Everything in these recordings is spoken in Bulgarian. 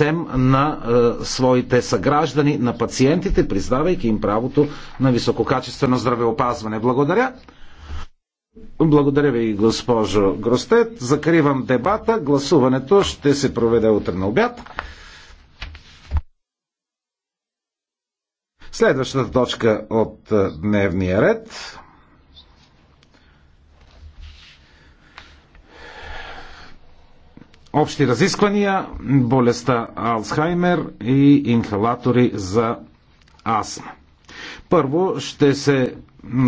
лицем на е, своите съграждани, на пациентите, признавайки им правото на висококачествено здравеопазване. Благодаря. Благодаря ви, госпожо Гростет. Закривам дебата. Гласуването ще се проведе утре на обяд. Следващата точка от е, дневния ред Общи разисквания, болестта Алцхаймер и инхалатори за астма. Първо ще се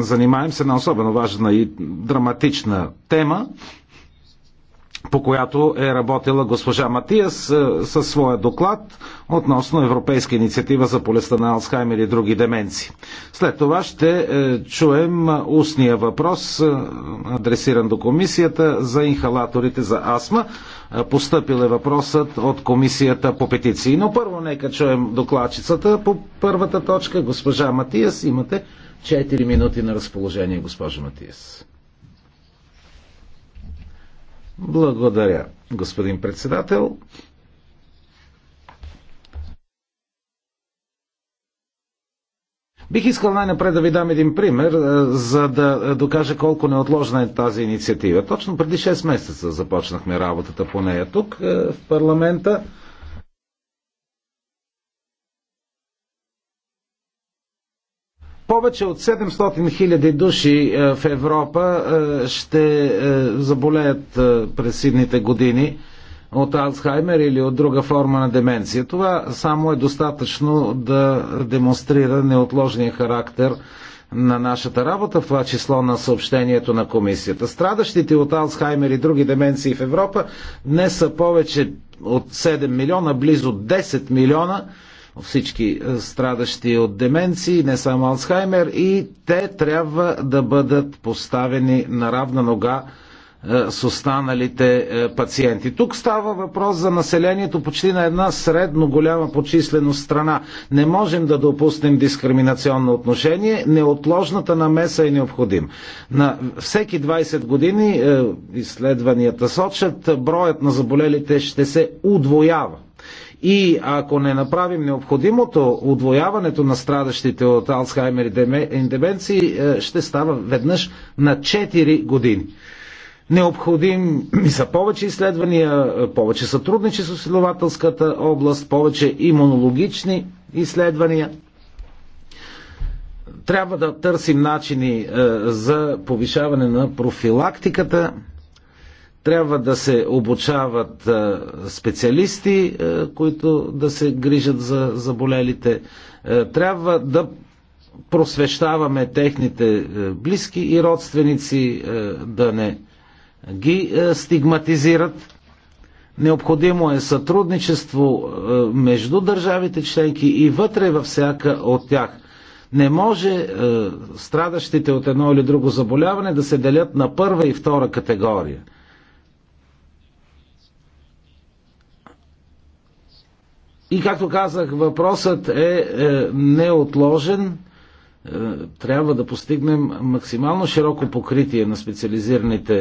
занимаем с една особено важна и драматична тема по която е работила госпожа Матиас е, със своя доклад относно Европейска инициатива за полеста на Алцхаймер и други деменции. След това ще е, чуем устния въпрос, е, адресиран до комисията, за инхалаторите за астма. Постъпил е въпросът от комисията по петиции. Но първо нека чуем докладчицата по първата точка. Госпожа Матиас, имате 4 минути на разположение, госпожа Матиас. Благодаря, господин председател. Бих искал най-напред да ви дам един пример, е, за да докажа колко неотложна е тази инициатива. Точно преди 6 месеца започнахме работата по нея тук е, в парламента. Повече от 700 000 души е, в Европа е, ще е, заболеят през сидните години от Алцхаймер или от друга форма на деменция. Това само е достатъчно да демонстрира неотложния характер на нашата работа, в това число на съобщението на комисията. Страдащите от Алцхаймер и други деменции в Европа днес са повече от 7 милиона, близо 10 милиона всички е, страдащи от деменции, не само Алцхаймер, и те трябва да бъдат поставени на равна нога е, с останалите е, пациенти. Тук става въпрос за населението почти на една средно голяма по численост страна. Не можем да допуснем дискриминационно отношение. Неотложната намеса е необходим. На всеки 20 години изследванията сочат, броят на заболелите ще се удвоява. И ако не направим необходимото, отвояването на страдащите от Алцхаймер и деменции е, ще става веднъж на 4 години. Необходим са повече изследвания, е, повече сътрудничество с изследователската област, повече имунологични изследвания. Трябва да търсим начини е, за повишаване на профилактиката трябва да се обучават специалисти, които да се грижат за заболелите. Трябва да просвещаваме техните близки и родственици да не ги стигматизират. Необходимо е сътрудничество между държавите членки и вътре във всяка от тях. Не може страдащите от едно или друго заболяване да се делят на първа и втора категория. И както казах, въпросът е, е неотложен. Е, трябва да постигнем максимално широко покритие на специализираните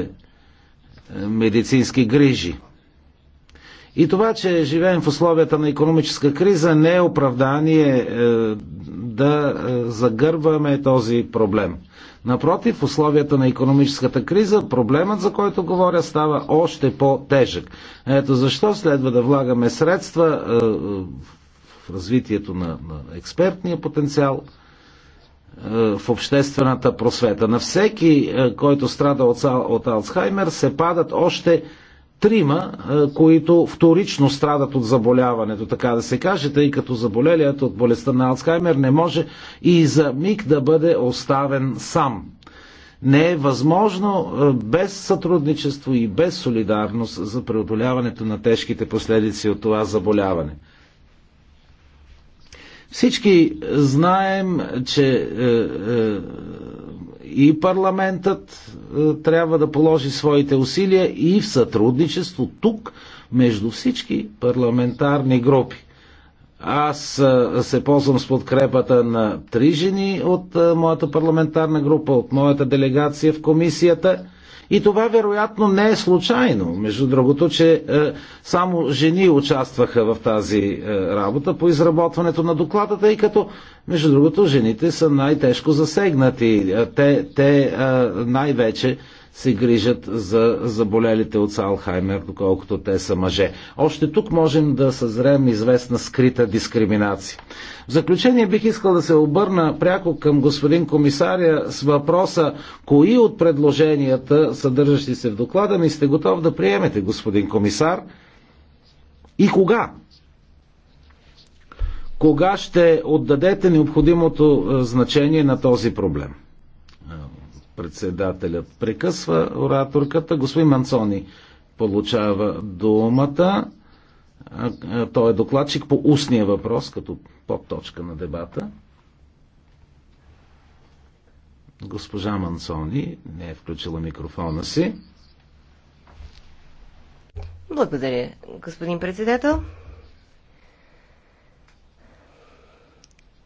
е, медицински грижи. И това, че живеем в условията на економическа криза, не е оправдание да загърбваме този проблем. Напротив, в условията на економическата криза проблемът, за който говоря, става още по-тежък. Ето защо следва да влагаме средства е, в развитието на, на експертния потенциал, е, в обществената просвета. На всеки, е, който страда от, от Алцхаймер, се падат още трима, е, които вторично страдат от заболяването, така да се каже, тъй като заболелият от болестта на Алцхаймер не може и за миг да бъде оставен сам. Не е възможно е, без сътрудничество и без солидарност за преодоляването на тежките последици от това заболяване. Всички знаем, че е, е, и парламентът е, трябва да положи своите усилия и в сътрудничество тук между всички парламентарни групи. Аз е, се ползвам с подкрепата на три жени от е, моята парламентарна група, от моята делегация в комисията. И това вероятно не е случайно. Между другото, че е, само жени участваха в тази е, работа по изработването на докладата, и като, между другото, жените са най-тежко засегнати. Е, те, те най-вече се грижат за заболелите от Салхаймер, доколкото те са мъже. Още тук можем да съзрем известна скрита дискриминация. В заключение бих искал да се обърна пряко към господин комисаря с въпроса, кои от предложенията, съдържащи се в доклада ми, сте готов да приемете, господин комисар, и кога? Кога ще отдадете необходимото е, значение на този проблем? Председателят прекъсва ораторката. Господин Манцони получава думата. Той е докладчик по устния въпрос, като подточка на дебата. Госпожа Манцони не е включила микрофона си. Благодаря, господин председател.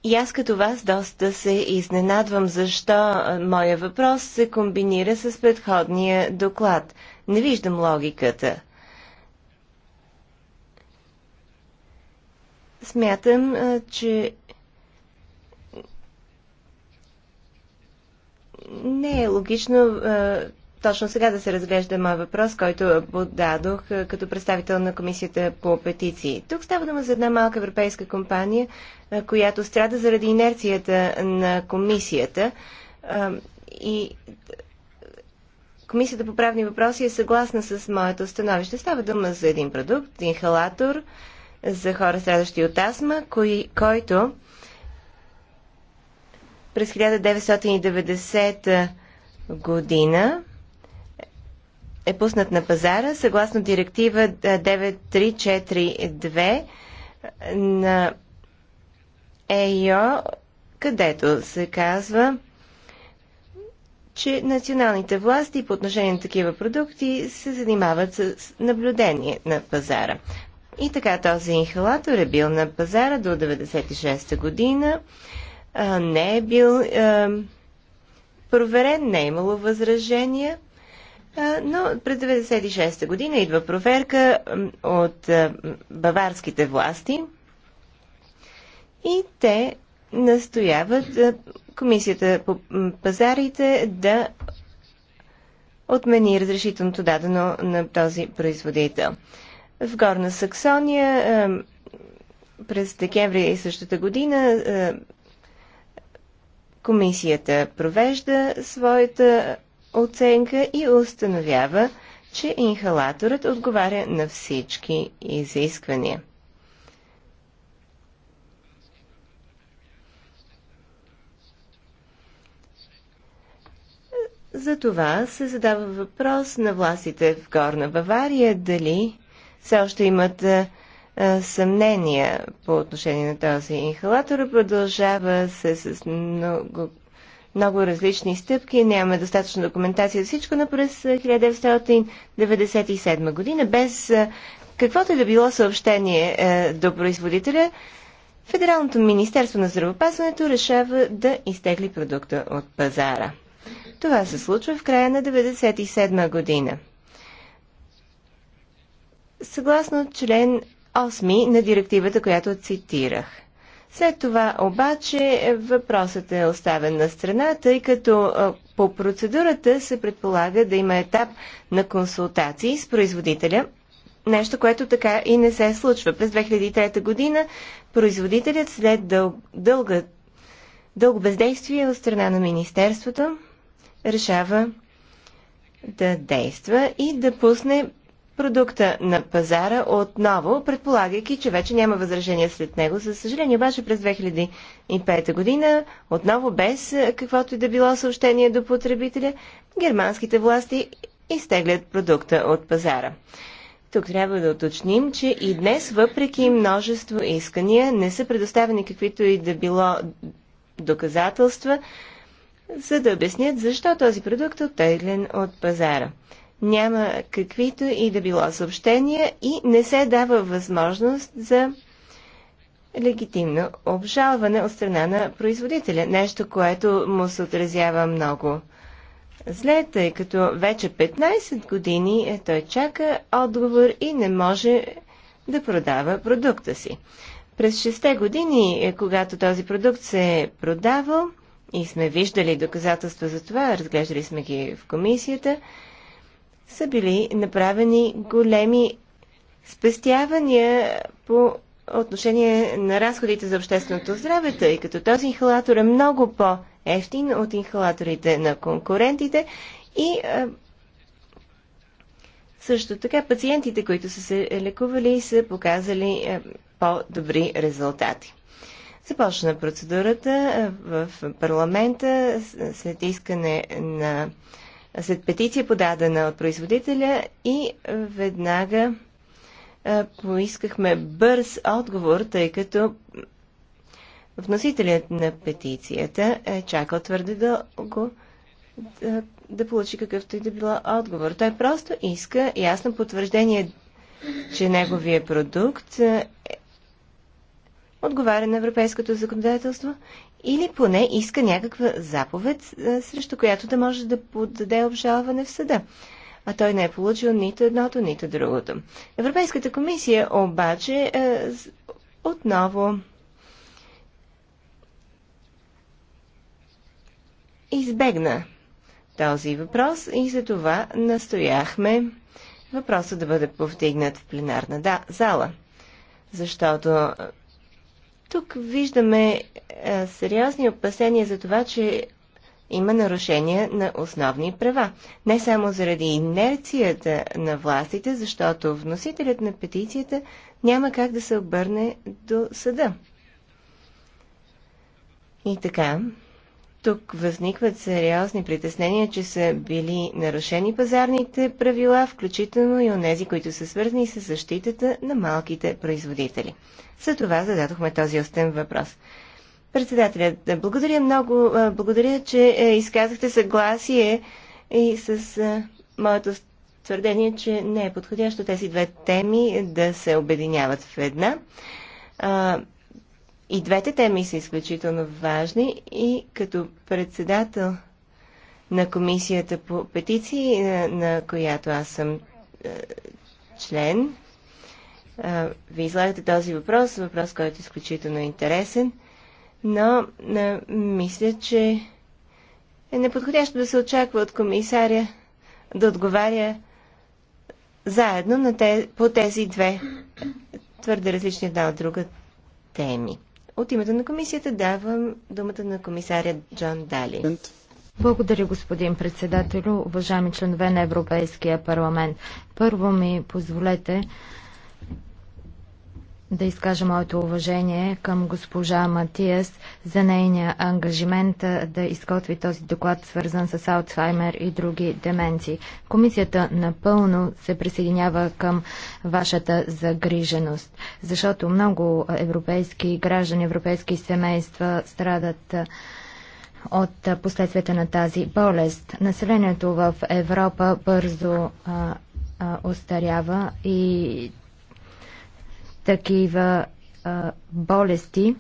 И аз като вас доста се изненадвам защо моя въпрос се комбинира с предходния доклад. Не виждам логиката. Смятам, че не е логично точно сега да се разглежда моят въпрос, който подадох като представител на комисията по петиции. Тук става дума за една малка европейска компания, която страда заради инерцията на комисията. И комисията по правни въпроси е съгласна с моето становище. Става дума за един продукт, инхалатор за хора страдащи от астма, кой, който през 1990 година е пуснат на пазара съгласно директива 9342 е, на ЕО, където се казва, че националните власти по отношение на такива продукти се занимават с наблюдение на пазара. И така този инхалатор е бил на пазара до 96 година, не е бил е, проверен, не е имало възражения – но през 1996 година идва проверка от баварските власти и те настояват Комисията по пазарите да отмени разрешителното дадено на този производител. В Горна Саксония през декември същата година комисията провежда своята оценка и установява, че инхалаторът отговаря на всички изисквания. За това се задава въпрос на властите в Горна Бавария дали все още имат а, съмнения по отношение на този инхалатор. Продължава се с много много различни стъпки, нямаме достатъчно документация за всичко, но през 1997 е, година, без е, каквото и е да било съобщение е, до производителя, Федералното министерство на здравопазването решава да изтегли продукта от пазара. Това се случва в края на 1997 година. Съгласно член 8 на директивата, която цитирах – след това обаче въпросът е оставен на страна, тъй като по процедурата се предполага да има етап на консултации с производителя, нещо, което така и не се случва. През 2003 година производителят след дъл... дълга... дълго бездействие от страна на Министерството решава да действа и да пусне продукта на пазара отново, предполагайки, че вече няма възражения след него. За съжаление, обаче през 2005 година, отново без каквото и да било съобщение до потребителя, германските власти изтеглят продукта от пазара. Тук трябва да уточним, че и днес, въпреки множество искания, не са предоставени каквито и да било доказателства, за да обяснят защо този продукт е оттеглен от пазара няма каквито и да било съобщения и не се дава възможност за легитимно обжалване от страна на производителя. Нещо, което му се отразява много зле, тъй като вече 15 години е, той чака отговор и не може да продава продукта си. През 6 те години, е, когато този продукт се е продавал и сме виждали доказателства за това, разглеждали сме ги в комисията, са били направени големи спестявания по отношение на разходите за общественото здраве, тъй като този инхалатор е много по-ефтин от инхалаторите на конкурентите и също така пациентите, които са се лекували, са показали по-добри резултати. Започна процедурата в парламента след искане на след петиция подадена от производителя и веднага поискахме бърз отговор, тъй като вносителят на петицията е чакал твърде дълго да, да получи какъвто и да било отговор. Той просто иска ясно потвърждение, че неговия продукт е, отговаря на европейското законодателство или поне иска някаква заповед, е, срещу която да може да подаде обжалване в съда. А той не е получил нито едното, нито другото. Европейската комисия обаче е, отново избегна този въпрос и за това настояхме въпросът да бъде повдигнат в пленарна да, зала. Защото е, тук виждаме а, е, сериозни опасения за това, че има нарушения на основни права. Не само заради инерцията на властите, защото вносителят на петицията няма как да се обърне до съда. И така, тук възникват сериозни притеснения, че са били нарушени пазарните правила, включително и онези, които са свързани с защитата на малките производители. За това зададохме този остен въпрос. Председателят, да благодаря много, благодаря, че е, изказахте съгласие и с моето твърдение, че не е подходящо тези две теми да се обединяват в една. И двете теми са изключително важни и като председател на комисията по петиции, на, е, на която аз съм е, член, е, ви излагате този въпрос, въпрос, който е изключително интересен, но е, мисля, че е неподходящо да се очаква от комисаря да отговаря заедно на те, по тези две твърде различни една от друга теми. От името на комисията давам думата на комисаря Джон Дали. Благодаря, господин председател, уважаеми членове на Европейския парламент. Първо ми позволете да изкажа моето уважение към госпожа Матиас за нейния ангажимент да изготви този доклад, свързан с Алцхаймер и други деменции. Комисията напълно се присъединява към вашата загриженост, защото много европейски граждани, европейски семейства страдат от последствията на тази болест. Населението в Европа бързо а, а, остарява и такива а, болести,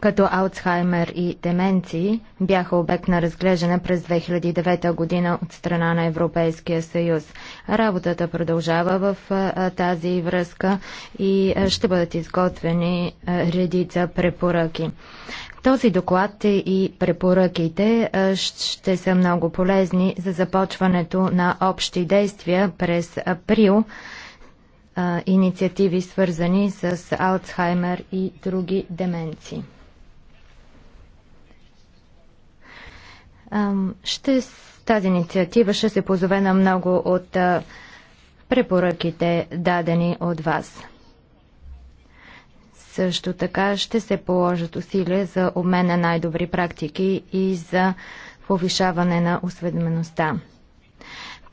като Алцхаймер и деменции, бяха обект на разглеждане през 2009 година от страна на Европейския съюз. Работата продължава в а, тази връзка и а, ще бъдат изготвени а, редица препоръки. Този доклад и препоръките ще са много полезни за започването на общи действия през април а, инициативи, свързани с Алцхаймер и други деменции. Ще, тази инициатива ще се позове на много от препоръките, дадени от вас. Също така ще се положат усилия за обмен на най-добри практики и за повишаване на осведомеността.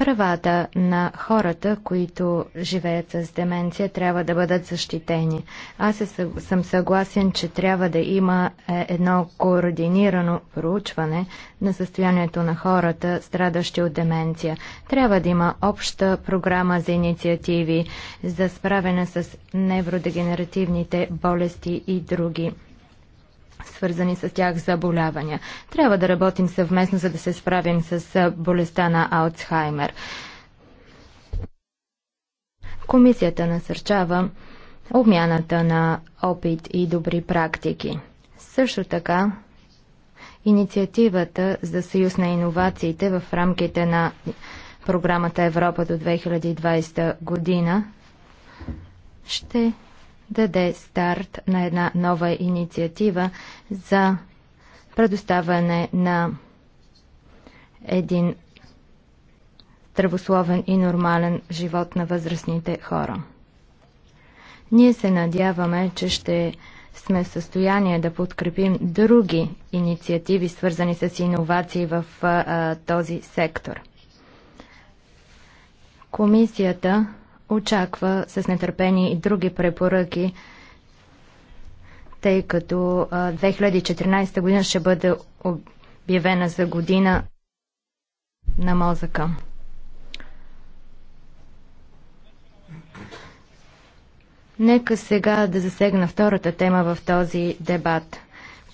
Правата на хората, които живеят с деменция, трябва да бъдат защитени. Аз съм съгласен, че трябва да има е, едно координирано проучване на състоянието на хората, страдащи от деменция. Трябва да има обща програма за инициативи за справяне с невродегенеративните болести и други свързани с тях заболявания. Трябва да работим съвместно, за да се справим с болестта на Алцхаймер. Комисията насърчава обмяната на опит и добри практики. Също така, инициативата за съюз на иновациите в рамките на програмата Европа до 2020 година ще даде старт на една нова инициатива за предоставяне на един здравословен и нормален живот на възрастните хора. Ние се надяваме, че ще сме в състояние да подкрепим други инициативи, свързани с иновации в а, този сектор. Комисията Очаква с нетърпение и други препоръки, тъй като 2014 година ще бъде обявена за година на мозъка. Нека сега да засегна втората тема в този дебат.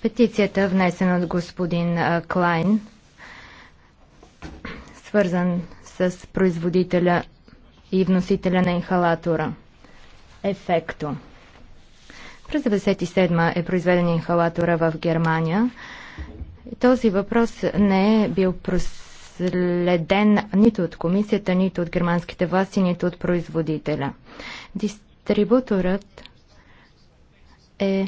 Петицията, внесена от господин Клайн, свързан с производителя и вносителя на инхалатора. Ефекто. През 1997 е произведен инхалатора в Германия. Този въпрос не е бил проследен нито от комисията, нито от германските власти, нито от производителя. Дистрибуторът е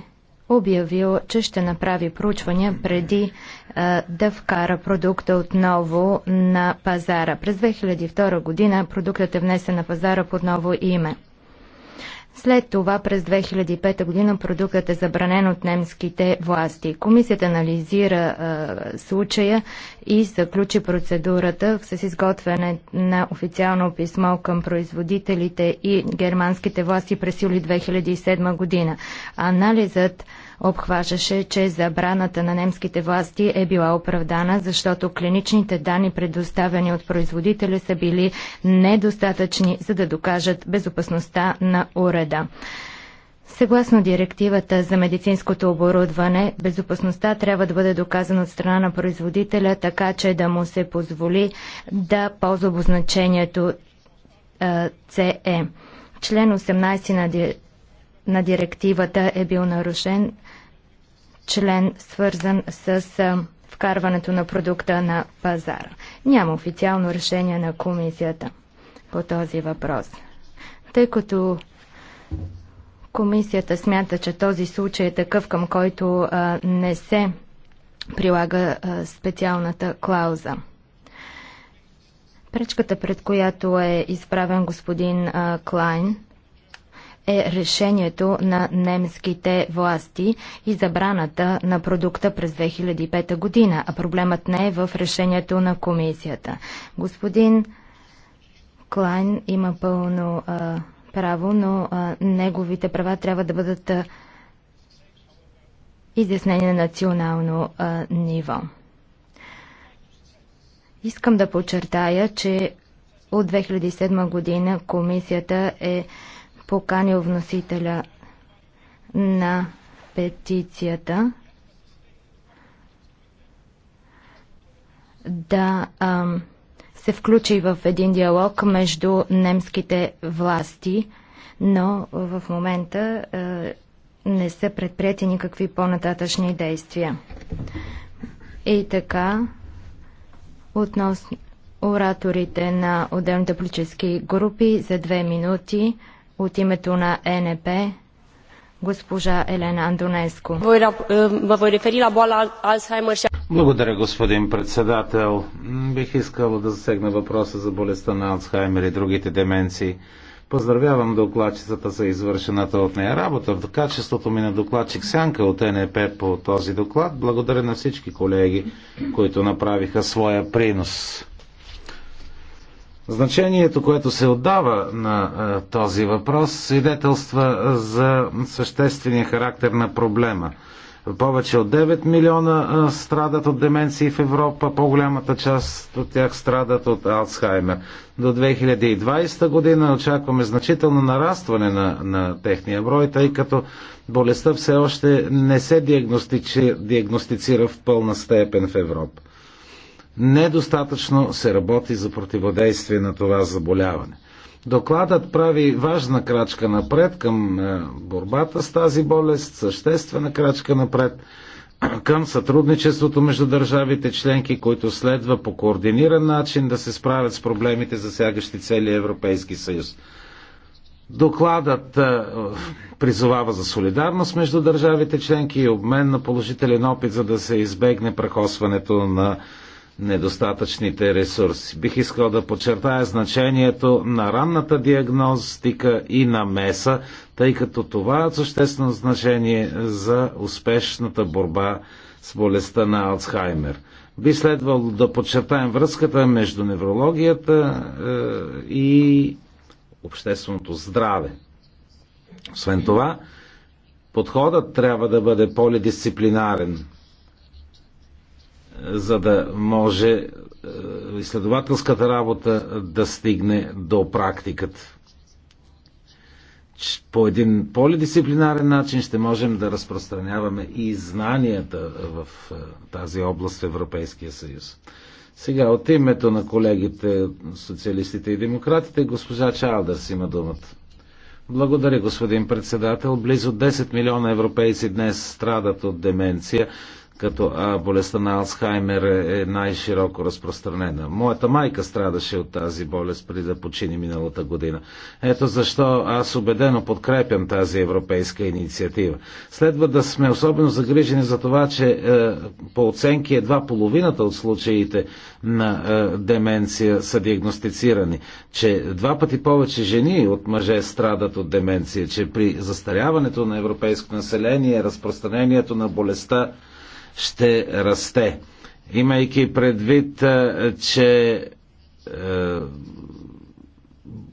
обявил, че ще направи проучвания преди да вкара продукта отново на пазара. През 2002 година продуктът е внесен на пазара под ново име. След това през 2005 година продуктът е забранен от немските власти. Комисията анализира е, случая и заключи процедурата с изготвяне на официално писмо към производителите и германските власти през юли 2007 година. Анализът обхващаше, че забраната на немските власти е била оправдана, защото клиничните данни, предоставени от производителя, са били недостатъчни, за да докажат безопасността на уреда. Съгласно директивата за медицинското оборудване, безопасността трябва да бъде доказана от страна на производителя, така че да му се позволи да ползва обозначението CE. Е. Член 18 на, на директивата е бил нарушен член, свързан с вкарването на продукта на пазара. Няма официално решение на комисията по този въпрос. Тъй като комисията смята, че този случай е такъв, към който а, не се прилага а, специалната клауза. Пречката, пред която е изправен господин а, Клайн, е решението на немските власти и забраната на продукта през 2005 година, а проблемът не е в решението на комисията. Господин Клайн има пълно а, право, но а, неговите права трябва да бъдат а, изяснени на национално а, ниво. Искам да подчертая, че от 2007 година комисията е поканил вносителя на петицията да ам, се включи в един диалог между немските власти, но в момента а, не са предприяти никакви по-нататъчни действия. И така, относно ораторите на отделните политически групи за две минути. От името на ЕНП госпожа Елена Андонеско. Благодаря, господин председател. Бих искал да засегна въпроса за болестта на Алцхаймер и другите деменции. Поздравявам докладчицата за извършената от нея работа. В качеството ми на докладчик Сянка от е НЕП по този доклад благодаря на всички колеги, които направиха своя принос. Значението, което се отдава на е, този въпрос, свидетелства за съществения характер на проблема. Повече от 9 милиона е, страдат от деменции в Европа, по-голямата част от тях страдат от Алцхаймер. До 2020 година очакваме значително нарастване на, на техния брой, тъй като болестта все още не се диагностицира в пълна степен в Европа недостатъчно се работи за противодействие на това заболяване. Докладът прави важна крачка напред към е, борбата с тази болест, съществена крачка напред към сътрудничеството между държавите членки, които следва по координиран начин да се справят с проблемите, засягащи целия Европейски съюз. Докладът е, призовава за солидарност между държавите членки и обмен на положителен опит, за да се избегне прехосването на недостатъчните ресурси. Бих искал да подчертая значението на ранната диагностика и на меса, тъй като това е съществено значение за успешната борба с болестта на Алцхаймер. Би следвало да подчертаем връзката между неврологията е, и общественото здраве. Освен това, подходът трябва да бъде полидисциплинарен за да може е, изследователската работа да стигне до практиката. По един полидисциплинарен начин ще можем да разпространяваме и знанията в е, тази област в Европейския съюз. Сега от името на колегите, социалистите и демократите, госпожа Чалдърс има думата. Благодаря, господин председател. Близо 10 милиона европейци днес страдат от деменция като а, болестта на Алцхаймер е, е най-широко разпространена. Моята майка страдаше от тази болест преди да почини миналата година. Ето защо аз убедено подкрепям тази европейска инициатива. Следва да сме особено загрижени за това, че е, по оценки едва половината от случаите на е, деменция са диагностицирани, че два пъти повече жени от мъже страдат от деменция, че при застаряването на европейско население разпространението на болестта ще расте. Имайки предвид, че е,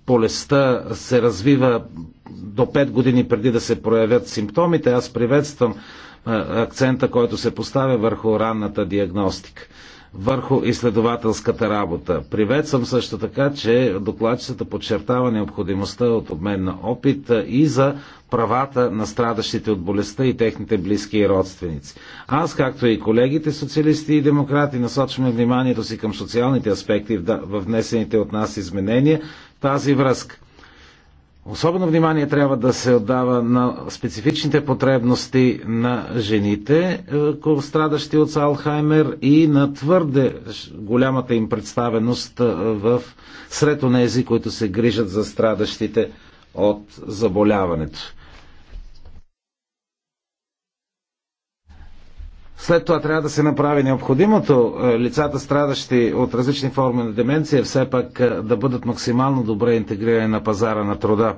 болестта се развива до 5 години преди да се проявят симптомите, аз приветствам акцента, който се поставя върху ранната диагностика върху изследователската работа. Приветствам също така, че докладчицата подчертава необходимостта от обмен на опит и за правата на страдащите от болестта и техните близки и родственици. Аз, както и колегите социалисти и демократи, насочваме вниманието си към социалните аспекти в внесените от нас изменения в тази връзка. Особено внимание трябва да се отдава на специфичните потребности на жените, е, страдащи от Алхаймер и на твърде голямата им представеност е, в сред онези, които се грижат за страдащите от заболяването. След това трябва да се направи необходимото е, лицата, страдащи от различни форми на деменция, все пак е, да бъдат максимално добре интегрирани на пазара на труда.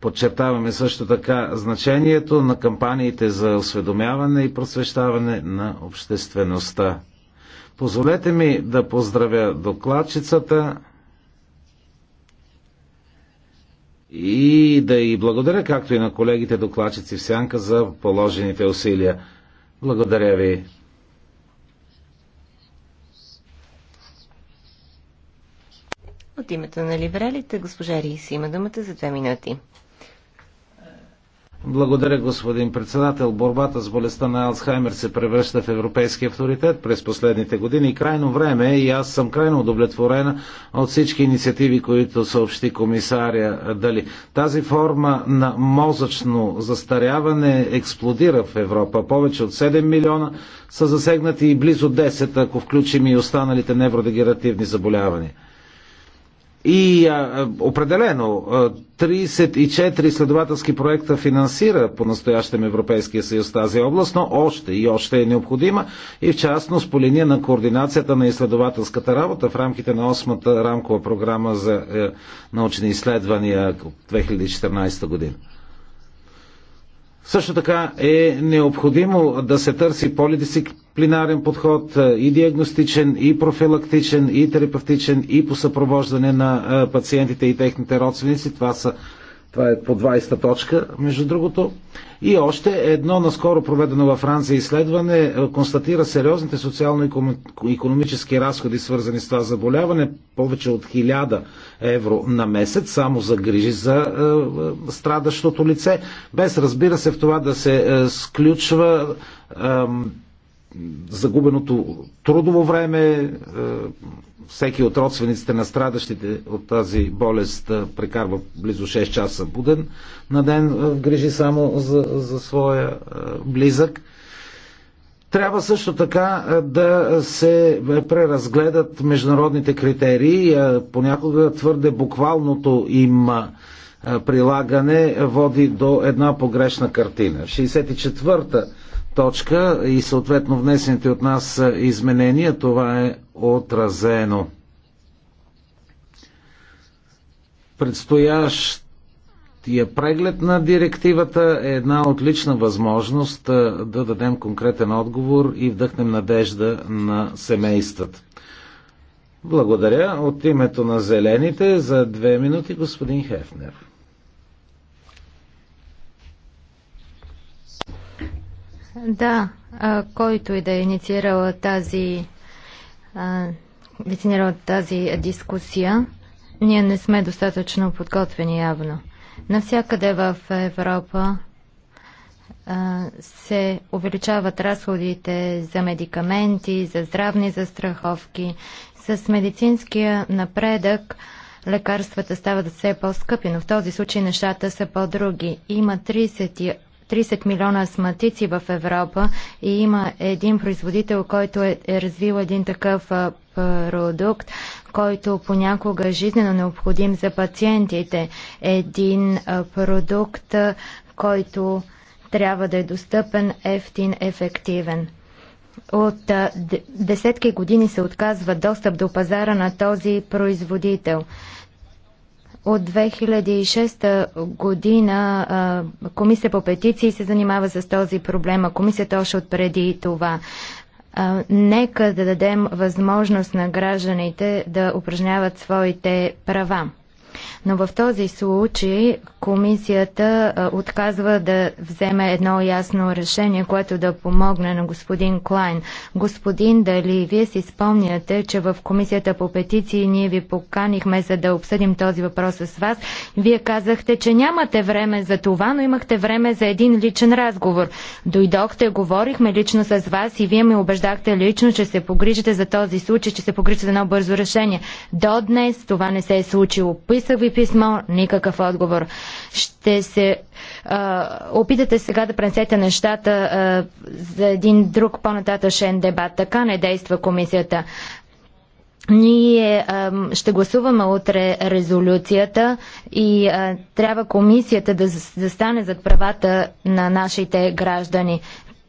Подчертаваме също така значението на кампаниите за осведомяване и просвещаване на обществеността. Позволете ми да поздравя докладчицата и да и благодаря, както и на колегите докладчици в Сянка за положените усилия. Благодаря ви. От името на либералите, госпожа Рис има думата за две минути. Благодаря, господин председател. Борбата с болестта на Алцхаймер се превръща в европейски авторитет през последните години. Крайно време е и аз съм крайно удовлетворена от всички инициативи, които съобщи комисаря Дали. Тази форма на мозъчно застаряване експлодира в Европа. Повече от 7 милиона са засегнати и близо 10, ако включим и останалите невродегеративни заболявания. И а, определено 34 следователски проекта финансира по настоящем Европейския съюз тази област, но още и още е необходима и в частност по линия на координацията на изследователската работа в рамките на 8-та рамкова програма за е, научни изследвания 2014 година. Също така е необходимо да се търси полидисциплинарен подход е, и диагностичен, и профилактичен, и терапевтичен, и по съпровождане на е, пациентите и техните родственици. Това са това е по 20-та точка, между другото. И още едно наскоро проведено във Франция изследване е, констатира сериозните социално-економически разходи, свързани с това заболяване, повече от 1000 евро на месец, само за грижи за е, е, страдащото лице, без разбира се в това да се е, сключва е, загубеното трудово време, е, всеки от родствениците на страдащите от тази болест прекарва близо 6 часа буден на ден, грижи само за, за своя близък. Трябва също така да се преразгледат международните критерии. Понякога твърде буквалното им прилагане води до една погрешна картина. 64-та точка и съответно внесените от нас изменения, това е отразено. Предстоящия преглед на директивата е една отлична възможност да дадем конкретен отговор и вдъхнем надежда на семействата. Благодаря. От името на Зелените за две минути господин Хефнер. Да, а, който и да е инициирал тази, а, инициирал тази дискусия, ние не сме достатъчно подготвени явно. Навсякъде в Европа а, се увеличават разходите за медикаменти, за здравни застраховки. С медицинския напредък лекарствата стават все по-скъпи, но в този случай нещата са по-други. Има 38 30 милиона астматици в Европа и има един производител, който е, е развил един такъв продукт, който понякога е жизненно необходим за пациентите. Един продукт, който трябва да е достъпен, ефтин, ефективен. От десетки години се отказва достъп до пазара на този производител. От 2006 година Комисия по петиции се занимава с този проблем, а Комисията още от преди това. нека да дадем възможност на гражданите да упражняват своите права. Но в този случай комисията отказва да вземе едно ясно решение, което да помогне на господин Клайн. Господин, дали вие си спомняте, че в комисията по петиции ние ви поканихме за да обсъдим този въпрос с вас. Вие казахте, че нямате време за това, но имахте време за един личен разговор. Дойдохте, говорихме лично с вас и вие ми убеждахте лично, че се погрижите за този случай, че се погрижите за едно бързо решение. До днес това не се е случило. Написах ви писмо, никакъв отговор. Ще се а, опитате сега да пренесете нещата а, за един друг по-нататъчен дебат. Така не действа комисията. Ние а, ще гласуваме утре резолюцията и а, трябва комисията да застане зад правата на нашите граждани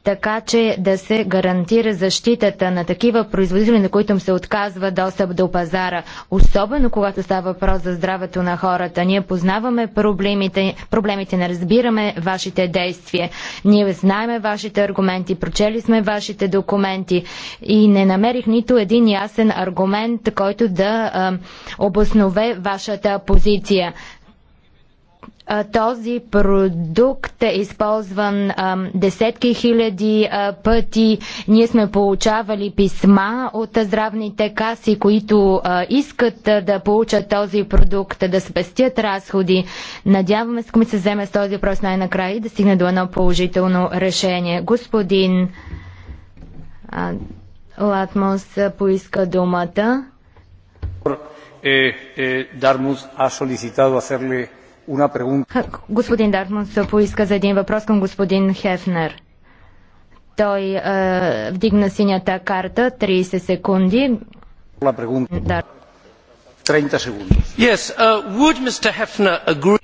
така че да се гарантира защитата на такива производители, на които им се отказва достъп до пазара, особено когато става въпрос за здравето на хората. Ние познаваме проблемите, проблемите не разбираме вашите действия. Ние знаеме вашите аргументи, прочели сме вашите документи и не намерих нито един ясен аргумент, който да а, обоснове вашата позиция. Този продукт е използван десетки хиляди пъти. Ние сме получавали писма от здравните каси, които искат да получат този продукт, да спестят разходи. Надяваме се, ми се вземе с този въпрос най-накрая и да стигне до едно положително решение. Господин Латмос поиска думата. Е, eh, Darmus ha solicitado hacerle Господин Дартман се поиска за един въпрос към господин Хефнер. Той е, вдигна синята карта 30 секунди. Да. 30 секунди. Yes, uh, agree...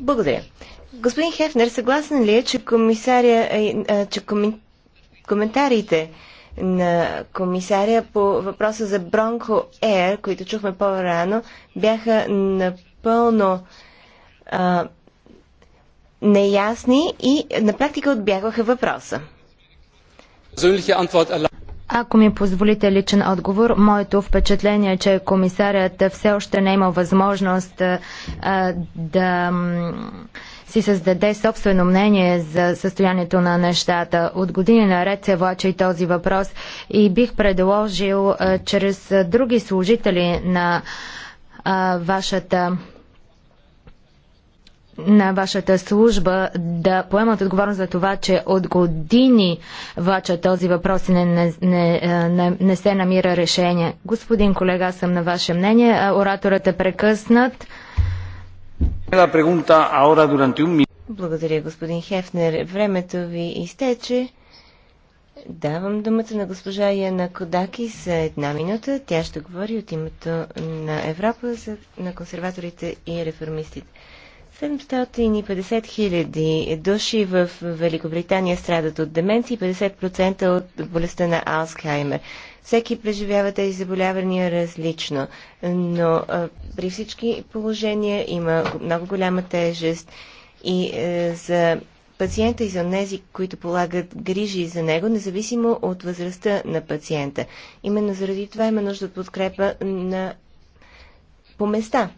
Благодаря. Господин Хефнер, съгласен ли е, че, комисаря, е, е, че коми... коментарите на комисаря по въпроса за Бронко Ер, които чухме по-рано, бяха напълно а, неясни и на практика отбягваха въпроса. Ако ми позволите личен отговор, моето впечатление е, че комисарят все още не е има възможност а, да си създаде собствено мнение за състоянието на нещата. От години наред се влача и този въпрос и бих предложил а, чрез други служители на а, вашата на вашата служба да поемат отговорност за това, че от години влача този въпрос и не, не, не, е, не, не се намира решение. Господин колега, аз съм на ваше мнение. Ораторът е прекъснат. Благодаря, господин Хефнер. Времето ви изтече. Давам думата на госпожа Яна Кодаки за една минута. Тя ще говори от името на Европа за, на консерваторите и реформистите. 750 хиляди души в Великобритания страдат от деменция и 50% от болестта на Алцхаймер. Всеки преживява тези заболявания различно, но а, при всички положения има много голяма тежест и а, е, за пациента и за тези, които полагат грижи за него, независимо от възрастта на пациента. Именно заради това има нужда от подкрепа на по места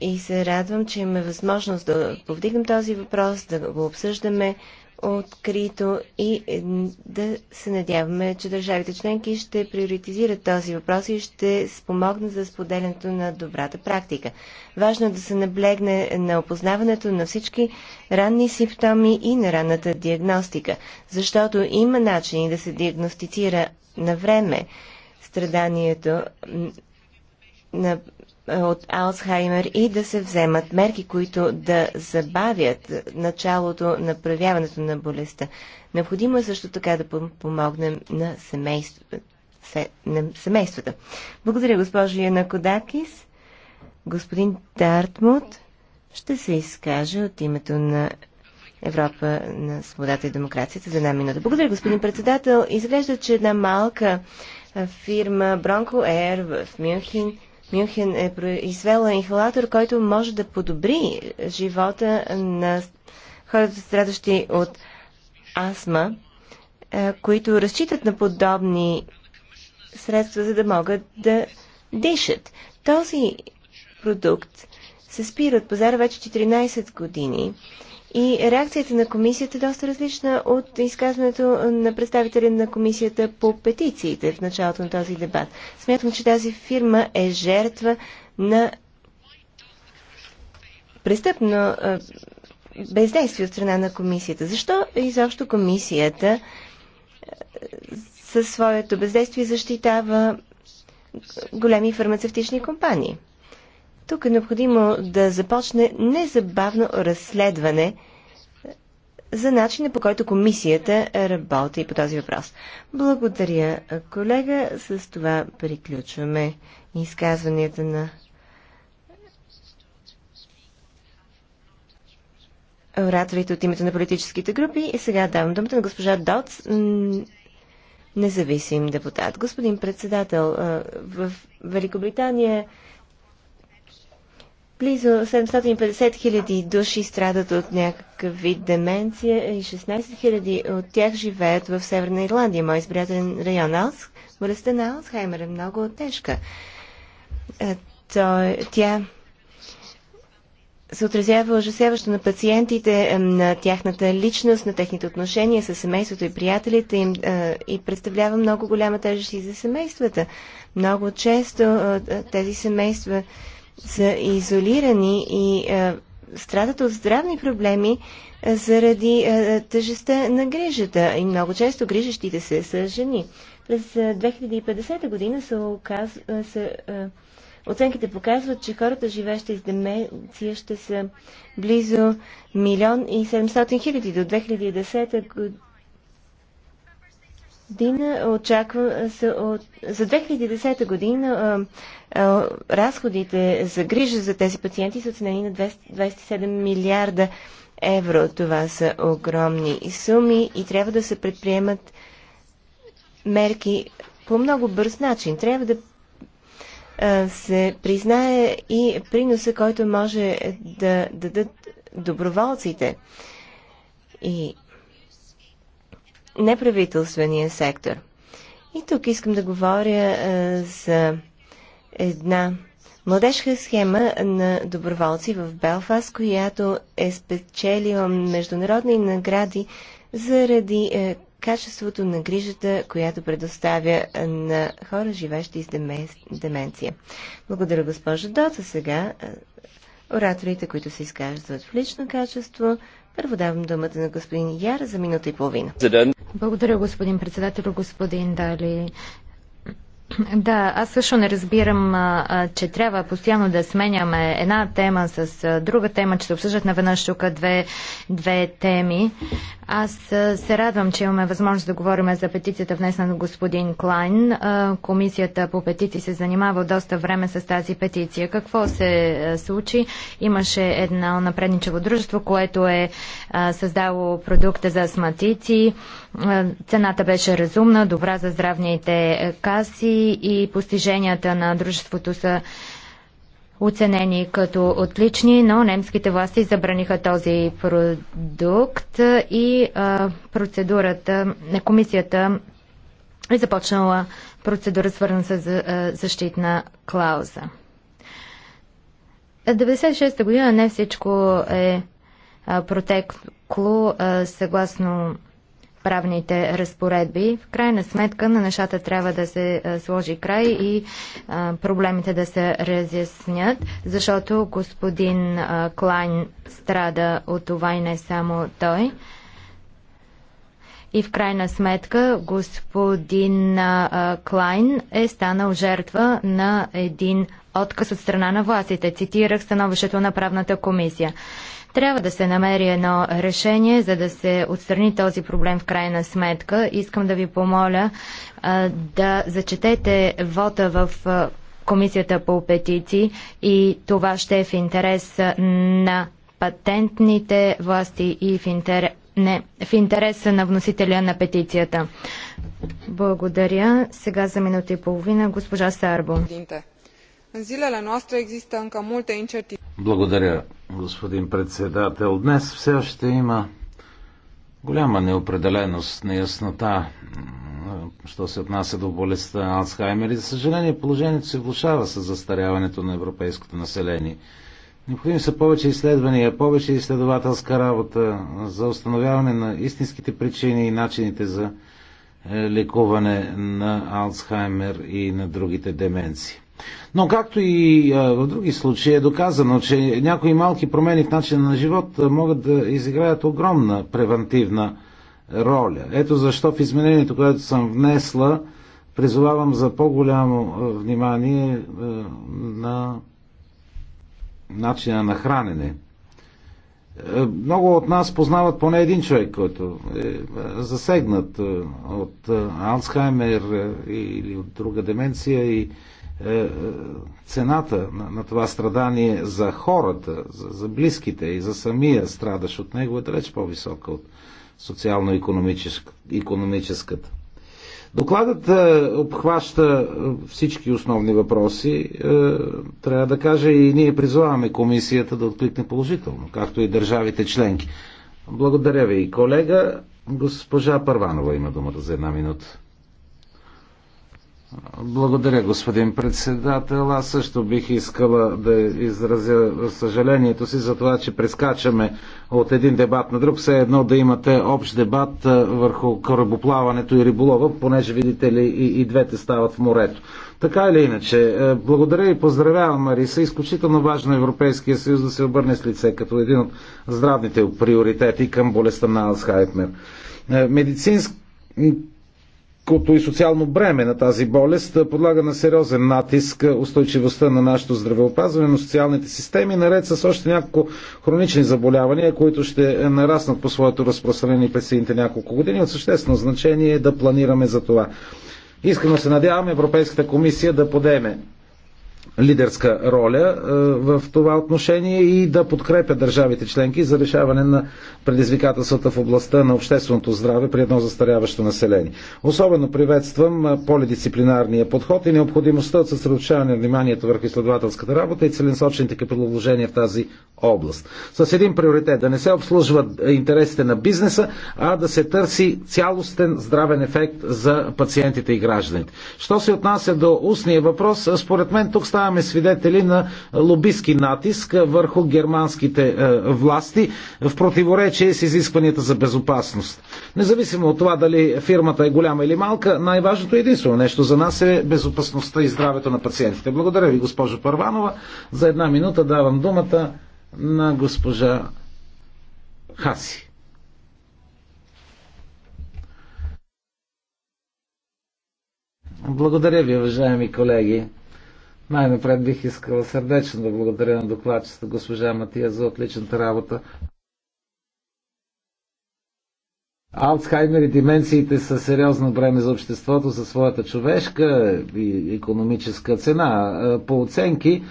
и се радвам, че имаме възможност да повдигнем този въпрос, да го обсъждаме открито и е, да се надяваме, че държавите членки ще приоритизират този въпрос и ще спомогнат за споделянето на добрата практика. Важно е да се наблегне на опознаването на всички ранни симптоми и на ранната диагностика, защото има начини да се диагностицира на време страданието на от Алцхаймер и да се вземат мерки, които да забавят началото на проявяването на болестта. Необходимо е също така да помогнем на, семейство, на семействата. Благодаря, госпожо Яна Кодакис. Господин Дартмут ще се изкаже от името на Европа на свободата и демокрацията за една минута. Благодаря, господин председател. Изглежда, че една малка фирма Bronco Air в Мюнхен – Мюнхен е произвела инхалатор, който може да подобри живота на хората, страдащи от астма, е, които разчитат на подобни средства, за да могат да дишат. Този продукт се спира от пазара вече 14 години и реакцията на комисията е доста различна от изказването на представителя на комисията по петициите в началото на този дебат. Смятам, че тази фирма е жертва на престъпно бездействие от страна на комисията. Защо изобщо комисията със своето бездействие защитава големи фармацевтични компании? Тук е необходимо да започне незабавно разследване за начина по който комисията работи по този въпрос. Благодаря, колега. С това приключваме изказванията на ораторите от името на политическите групи. И сега давам думата на госпожа Доц, независим депутат. Господин председател, в Великобритания Близо 750 хиляди души страдат от някакъв вид деменция и 16 хиляди от тях живеят в Северна Ирландия. Мой избирателен район Алс, болестта на Алсхаймер е много тежка. Е, той, тя се отразява ужасяващо на пациентите, е, на тяхната личност, на техните отношения с семейството и приятелите им е, и представлява много голяма тежест и за семействата. Много често тези семейства са изолирани и а, е, страдат от здравни проблеми а, е, заради а, е, тъжеста на грижата. И много често грижащите се са жени. През 2050 година са оказ... са, а, оценките показват, че хората, живеещи с деменция, ще са близо милион и 700 хиляди. До 2010 година година очаква, за, 2010 година разходите за грижа за тези пациенти са оценени на 27 милиарда евро. Това са огромни суми и трябва да се предприемат мерки по много бърз начин. Трябва да се признае и приноса, който може да дадат доброволците. И неправителствения сектор. И тук искам да говоря за една младежка схема на доброволци в Белфаст, която е спечелила международни награди заради качеството на грижата, която предоставя на хора, живещи с деменция. Благодаря, госпожа Дота. Сега ораторите, които се изказват в лично качество, първо давам думата на господин Яр за минута и половина. Благодаря, господин председател, господин Дали. Да, аз също не разбирам, че трябва постоянно да сменяме една тема с друга тема, че се обсъждат наведнъж тук две, две теми. Аз се радвам, че имаме възможност да говорим за петицията внесена на господин Клайн. комисията по петиции се занимава доста време с тази петиция. Какво се случи? Имаше едно напредничево дружество, което е създало продукта за астматици. Е, цената беше разумна, добра за здравните е, каси и постиженията на дружеството са оценени като отлични, но немските власти забраниха този продукт и е, процедурата на комисията е започнала процедура свързана с защитна клауза. 96-та година не всичко е протекло съгласно правните разпоредби. В крайна сметка на нещата трябва да се сложи край и проблемите да се разяснят, защото господин Клайн страда от това и не само той. И в крайна сметка господин Клайн е станал жертва на един отказ от страна на властите. Цитирах становището на правната комисия. Трябва да се намери едно решение, за да се отстрани този проблем в крайна сметка. Искам да ви помоля а, да зачетете вота в а, Комисията по петиции и това ще е в интерес на патентните власти и в, интер... не, в интереса на вносителя на петицията. Благодаря. Сега за минута и половина госпожа Сарбо. În zilele noastre există încă multe incertitudini. Благодаря, господин председател. Днес все още има голяма неопределеност, неяснота, що се отнася до болестта на Алцхаймер. И, за съжаление, положението се влушава с застаряването на европейското население. Необходими са повече изследвания, повече изследователска работа за установяване на истинските причини и начините за е, лекуване на Алцхаймер и на другите деменции. Но както и в други случаи е доказано, че някои малки промени в начина на живот могат да изиграят огромна превентивна роля. Ето защо в изменението, което съм внесла, призовавам за по-голямо внимание на начина на хранене. Много от нас познават поне един човек, който е засегнат от Алцхаймер или от друга деменция и е, е, цената на, на това страдание за хората, за, за близките и за самия страдаш от него е далеч по-висока от социално-економическата. Докладът е, обхваща всички основни въпроси. Трябва да кажа и ние призоваваме комисията да откликне положително, както и държавите членки. Благодаря ви, колега. Госпожа Първанова има думата за една минута. Благодаря, господин председател. Аз също бих искала да изразя съжалението си за това, че прескачаме от един дебат на друг. Все едно да имате общ дебат върху корабоплаването и риболова, понеже, видите ли, и, и двете стават в морето. Така или иначе, благодаря и поздравявам Мариса. Изключително важно е Европейския съюз да се обърне с лице като един от здравните приоритети към болестта на Алцхаймер. Медицински като и социално бреме на тази болест подлага на сериозен натиск устойчивостта на нашето здравеопазване, на социалните системи, наред с още няколко хронични заболявания, които ще нараснат по своето разпространение през следните няколко години. От съществено значение е да планираме за това. Искрено се надяваме, Европейската комисия да подеме лидерска роля е, в това отношение и да подкрепя държавите членки за решаване на предизвикателствата в областта на общественото здраве при едно застаряващо население. Особено приветствам е, полидисциплинарния подход и необходимостта от съсредоточаване на вниманието върху изследователската работа и целенсочените предложения в тази област. С един приоритет да не се обслужват е, интересите на бизнеса, а да се търси цялостен здравен ефект за пациентите и гражданите. Що се отнася до устния въпрос, според мен тук ставаме свидетели на лобистки натиск върху германските е, власти в противоречие с изискванията за безопасност. Независимо от това дали фирмата е голяма или малка, най-важното единствено нещо за нас е безопасността и здравето на пациентите. Благодаря ви, госпожо Парванова. За една минута давам думата на госпожа Хаси. Благодаря ви, уважаеми колеги. Най-напред бих искала сърдечно да благодаря на докладчицата госпожа Матия за отличната работа. Алцхаймер и деменциите са сериозно бреме за обществото със своята човешка и економическа цена. Е, по оценки,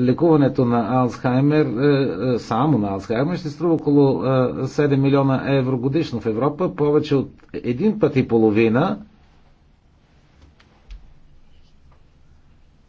лекуването на Алцхаймер, е, е, само на Алцхаймер, ще струва около 7 милиона евро годишно в Европа, повече от един път и половина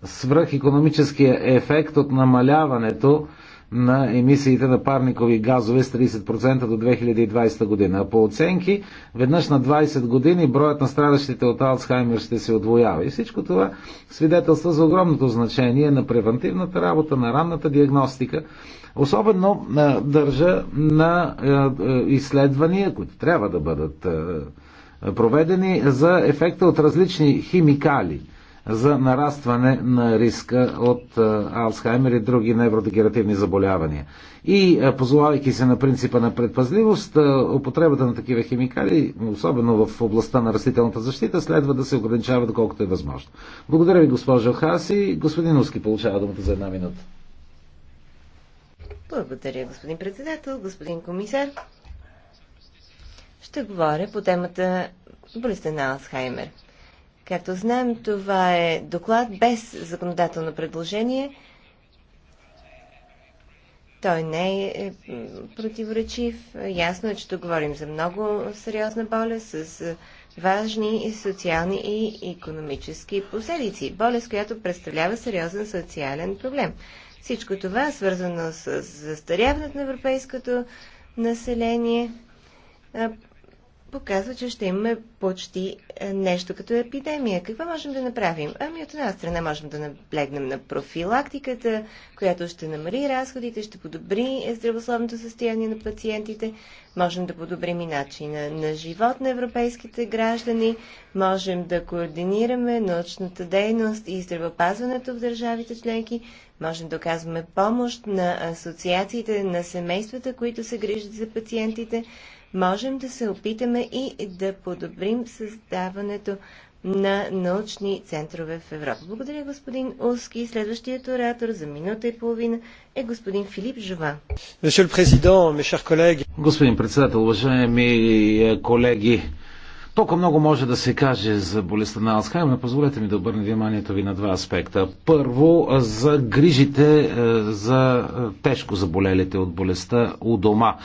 свръхекономическия ефект от намаляването на емисиите на парникови газове с 30% до 2020 година. А по оценки, веднъж на 20 години броят на страдащите от Алцхаймер ще се отвоява. И всичко това свидетелства за огромното значение на превентивната работа, на ранната диагностика. Особено държа на изследвания, които трябва да бъдат проведени за ефекта от различни химикали – за нарастване на риска от Алцхаймер и други невродегеративни заболявания. И позовавайки се на принципа на предпазливост, употребата на такива химикали, особено в областта на растителната защита, следва да се ограничава доколкото е възможно. Благодаря ви, госпожо Хаси. Господин Уски получава думата за една минута. Благодаря, господин председател, господин комисар. Ще говоря по темата болестта на Алцхаймер. Както знаем, това е доклад без законодателно предложение. Той не е, е противоречив. Ясно е, че тук говорим за много сериозна болест с е, важни и социални и економически последици. Болест, която представлява сериозен социален проблем. Всичко това е свързано с застаряването на европейското население, е, показва, че ще имаме почти е, нещо като епидемия. Какво можем да направим? Ами от една страна можем да наблегнем на профилактиката, която ще намали разходите, ще подобри здравословното състояние на пациентите, можем да подобрим и начина на живот на европейските граждани, можем да координираме научната дейност и здравопазването в държавите членки, можем да оказваме помощ на асоциациите, на семействата, които се грижат за пациентите, можем да се опитаме и да подобрим създаването на научни центрове в Европа. Благодаря, господин Уски. Следващият оратор за минута и половина е господин Филип Жова. Господин председател, уважаеми е, колеги, толкова много може да се каже за болестта на Алцхаймер, но позволете ми да обърна вниманието ви на два аспекта. Първо, за грижите е, за е, тежко заболелите от болестта у дома.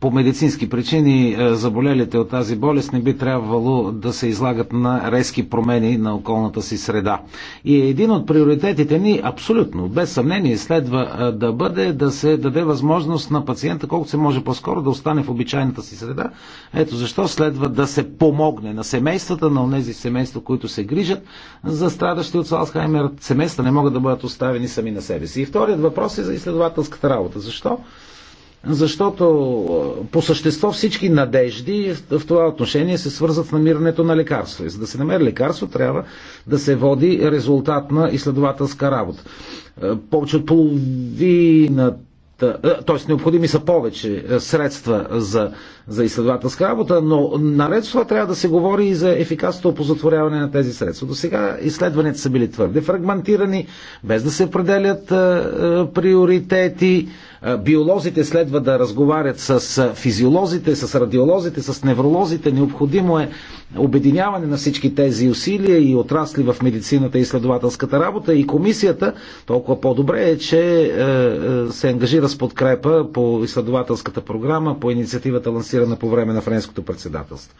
По медицински причини е, заболелите от тази болест не би трябвало да се излагат на резки промени на околната си среда. И един от приоритетите ни, абсолютно, без съмнение, следва да бъде да се даде възможност на пациента, колкото се може по-скоро да остане в обичайната си среда. Ето защо следва да се помогне помогне на семействата, на тези семейства, които се грижат за страдащи от Салсхаймер Семейства не могат да бъдат оставени сами на себе си. И вторият въпрос е за изследователската работа. Защо? Защото е, по същество всички надежди в това отношение се свързват с намирането на лекарство. И за да се намери лекарство, трябва да се води резултатна изследователска работа. Е, повече от половината т.е. необходими са повече е, средства за, за изследователска работа, но наред с това трябва да се говори и за ефикасното опозатворяване на тези средства. До сега изследванията са били твърде фрагментирани, без да се определят е, е, приоритети, е, биолозите следва да разговарят с е, физиолозите, с радиолозите, с невролозите. Необходимо е обединяване на всички тези усилия и отрасли в медицината и изследователската работа. И комисията толкова по-добре е, че е, се ангажира с подкрепа по изследователската програма, по инициативата лансирана по време на френското председателство.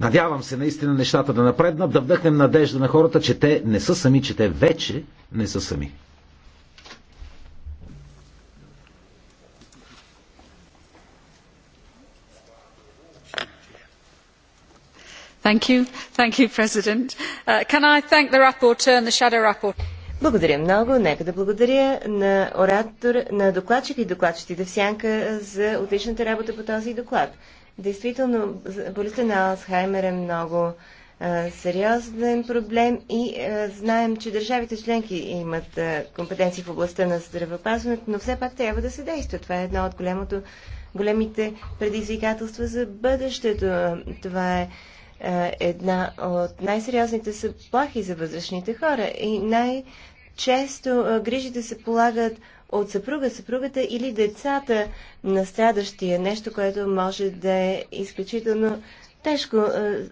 Надявам се наистина нещата да напреднат, да вдъхнем надежда на хората, че те не са сами, че те вече не са сами. Uh, благодаря много. Нека да благодаря на оратор, на докладчика и докладчетите в сянка за отличната работа по този доклад. Действително, болестта на Алцхаймер е много сериозен проблем и знаем, че държавите членки имат компетенции в областта на здравеопазването, но все пак трябва да се действа. Това е едно от големите предизвикателства за бъдещето. Това е е, една от най-сериозните заплахи за възрастните хора и най-често е, грижите се полагат от съпруга, съпругата или децата на страдащия. Нещо, което може да е изключително тежко е,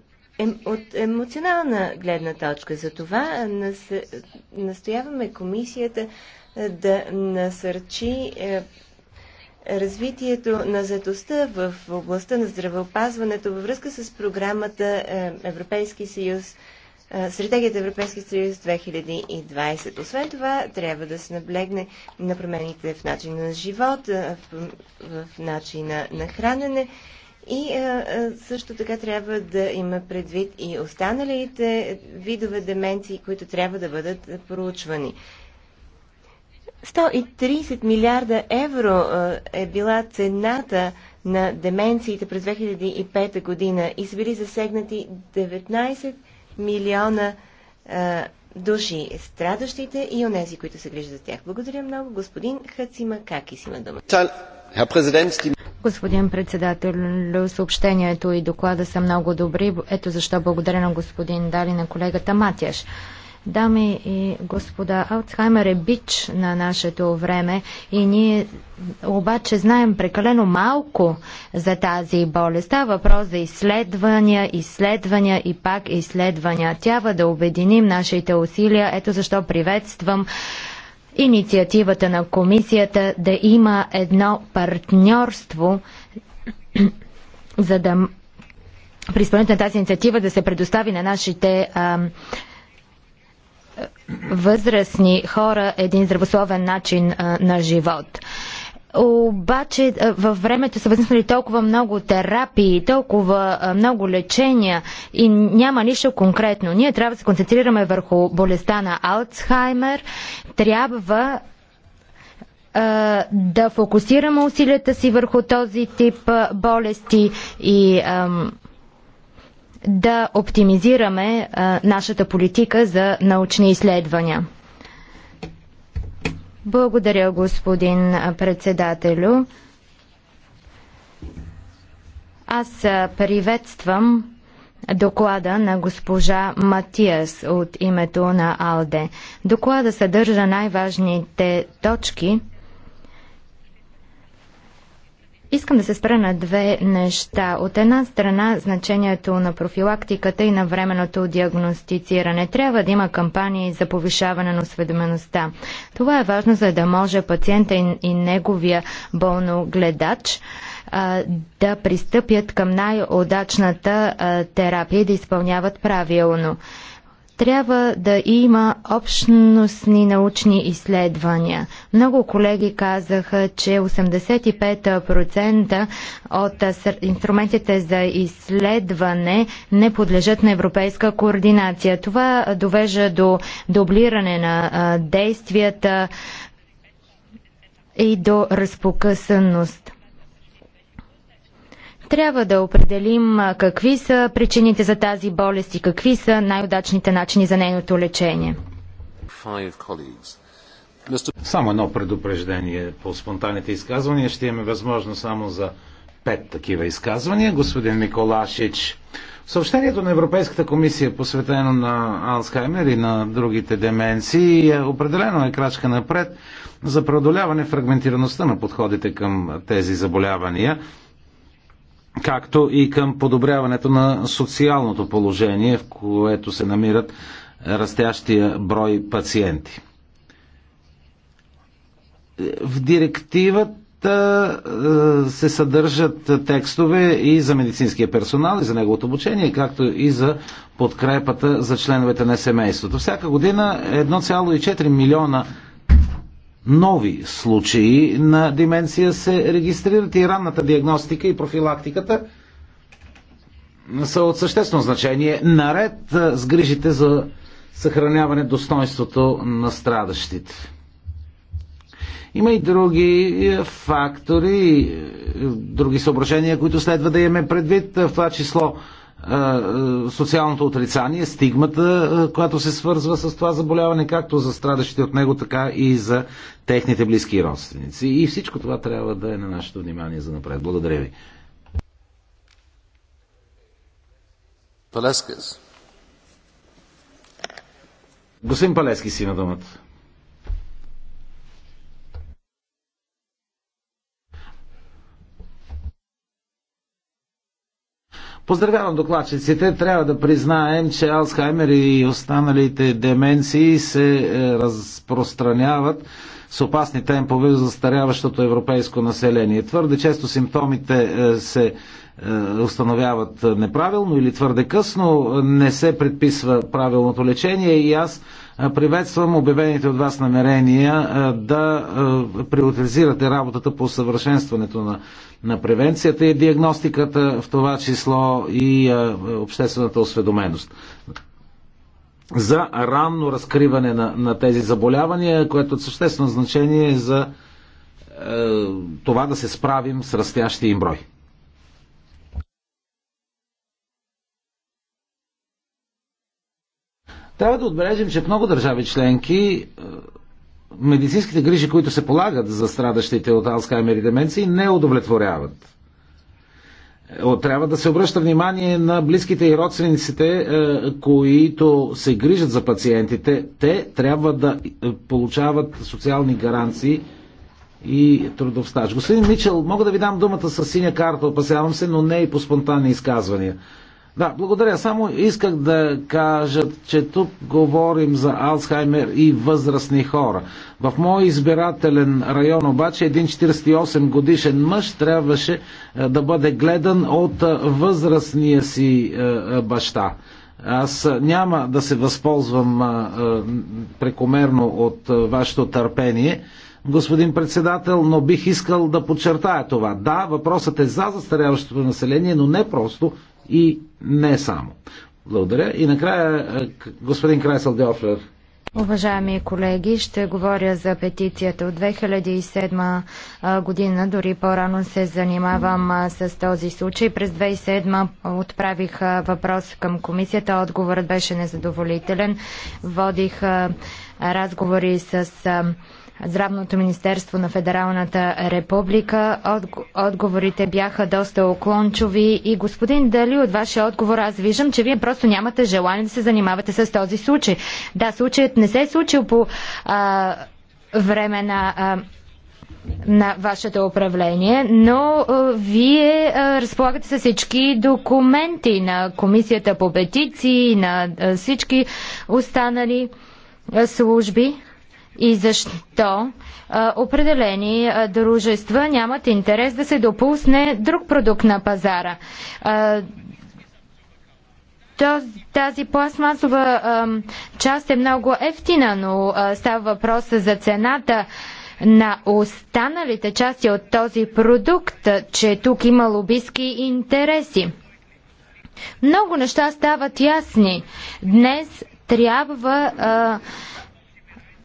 от емоционална гледна точка. Затова нас, настояваме комисията да насърчи развитието на заетостта в областта на здравеопазването във връзка с програмата е, Европейски съюз, е, стратегията Европейски съюз 2020. Освен това, трябва да се наблегне на промените в начина на живот, е, в, в начина на хранене и също така трябва да има предвид и останалите видове деменции, които трябва да бъдат проучвани. 130 милиарда евро е, е била цената на деменциите през 2005 година и са били засегнати 19 милиона е, души, страдащите и онези, които се грижат за тях. Благодаря много. Господин Хацима Какис има дума. Господин председател, съобщението и доклада са много добри. Ето защо благодаря на господин Дали на колегата Матяш. Дами и господа, Алцхаймер е бич на нашето време и ние обаче знаем прекалено малко за тази болест. Става въпрос за изследвания, изследвания и пак изследвания. Трябва да обединим нашите усилия. Ето защо приветствам инициативата на комисията да има едно партньорство, за да при на тази инициатива да се предостави на нашите а, възрастни хора един здравословен начин а, на живот. Обаче във времето са възникнали толкова много терапии, толкова много лечения и няма нищо конкретно. Ние трябва да се концентрираме върху болестта на Алцхаймер. Трябва а, да фокусираме усилията си върху този тип болести и ам, да оптимизираме а, нашата политика за научни изследвания. Благодаря, господин председателю. Аз приветствам доклада на госпожа Матиас от името на АЛДЕ. Доклада съдържа най-важните точки – Искам да се спра на две неща. От една страна, значението на профилактиката и на временното диагностициране. Трябва да има кампании за повишаване на осведомеността. Това е важно, за да може пациента и, и неговия болногледач а, да пристъпят към най-удачната терапия и да изпълняват правилно. Трябва да има общностни научни изследвания. Много колеги казаха, че 85% от инструментите за изследване не подлежат на европейска координация. Това довежда до дублиране на действията и до разпокъсаност. Трябва да определим какви са причините за тази болест и какви са най-удачните начини за нейното лечение. Само едно предупреждение по спонтанните изказвания. Ще имаме възможност само за пет такива изказвания. Господин Миколашич, съобщението на Европейската комисия, посветено на Алцхаймер и на другите деменции, е определено е крачка напред за преодоляване фрагментираността на подходите към тези заболявания както и към подобряването на социалното положение, в което се намират растящия брой пациенти. В директивата е, се съдържат текстове и за медицинския персонал, и за неговото обучение, както и за подкрепата за членовете на семейството. Всяка година 1,4 милиона нови случаи на деменция се регистрират и ранната диагностика и профилактиката са от съществено значение, наред с грижите за съхраняване достоинството на страдащите. Има и други е, фактори, е, други съображения, които следва да имаме предвид, е, в това число социалното отрицание, стигмата, която се свързва с това заболяване, както за страдащите от него, така и за техните близки родственици. И всичко това трябва да е на нашето внимание за напред. Благодаря ви. Палескес. Господин Палески си на думата. Поздравявам докладчиците. Трябва да признаем, че Алцхаймер и останалите деменции се е, разпространяват с опасни темпове за старяващото европейско население. Твърде често симптомите е, се е, установяват неправилно или твърде късно, не се предписва правилното лечение и аз Приветствам обявените от вас намерения да приоритизирате работата по съвършенстването на, на превенцията и диагностиката, в това число и обществената осведоменост за ранно разкриване на, на тези заболявания, което е съществено значение за това да се справим с растящия им брой. Трябва да отбележим, че в много държави членки е, медицинските грижи, които се полагат за страдащите от Алцхаймер и деменции, не удовлетворяват. Е, трябва да се обръща внимание на близките и родствениците, е, които се грижат за пациентите. Те трябва да получават социални гаранции и трудов стаж. Господин Мичел, мога да ви дам думата с синя карта, опасявам се, но не и по спонтанни изказвания. Да, благодаря. Само исках да кажа, че тук говорим за Алцхаймер и възрастни хора. В мой избирателен район обаче един 48 годишен мъж трябваше е, да бъде гледан от е, възрастния си е, баща. Аз няма да се възползвам прекомерно от вашето търпение господин председател, но бих искал да подчертая това. Да, въпросът е за застаряващото население, но не просто и не само. Благодаря. И накрая е, господин Крайсъл Делфлер. Уважаеми колеги, ще говоря за петицията от 2007 година. Дори по-рано се занимавам с този случай. През 2007 отправих въпрос към комисията. Отговорът беше незадоволителен. Водих разговори с Здравното министерство на Федералната република. Отговорите бяха доста оклончови и господин Дали от вашия отговор аз виждам, че вие просто нямате желание да се занимавате с този случай. Да, случаят не се е случил по а, време на а, на вашето управление, но а, вие а, разполагате с всички документи на комисията по петиции, на а, всички останали служби и защо а, определени а, дружества нямат интерес да се допусне друг продукт на пазара. А, тази пластмасова част е много ефтина, но става въпрос за цената на останалите части от този продукт, че тук има лобистки интереси. Много неща стават ясни. Днес трябва а,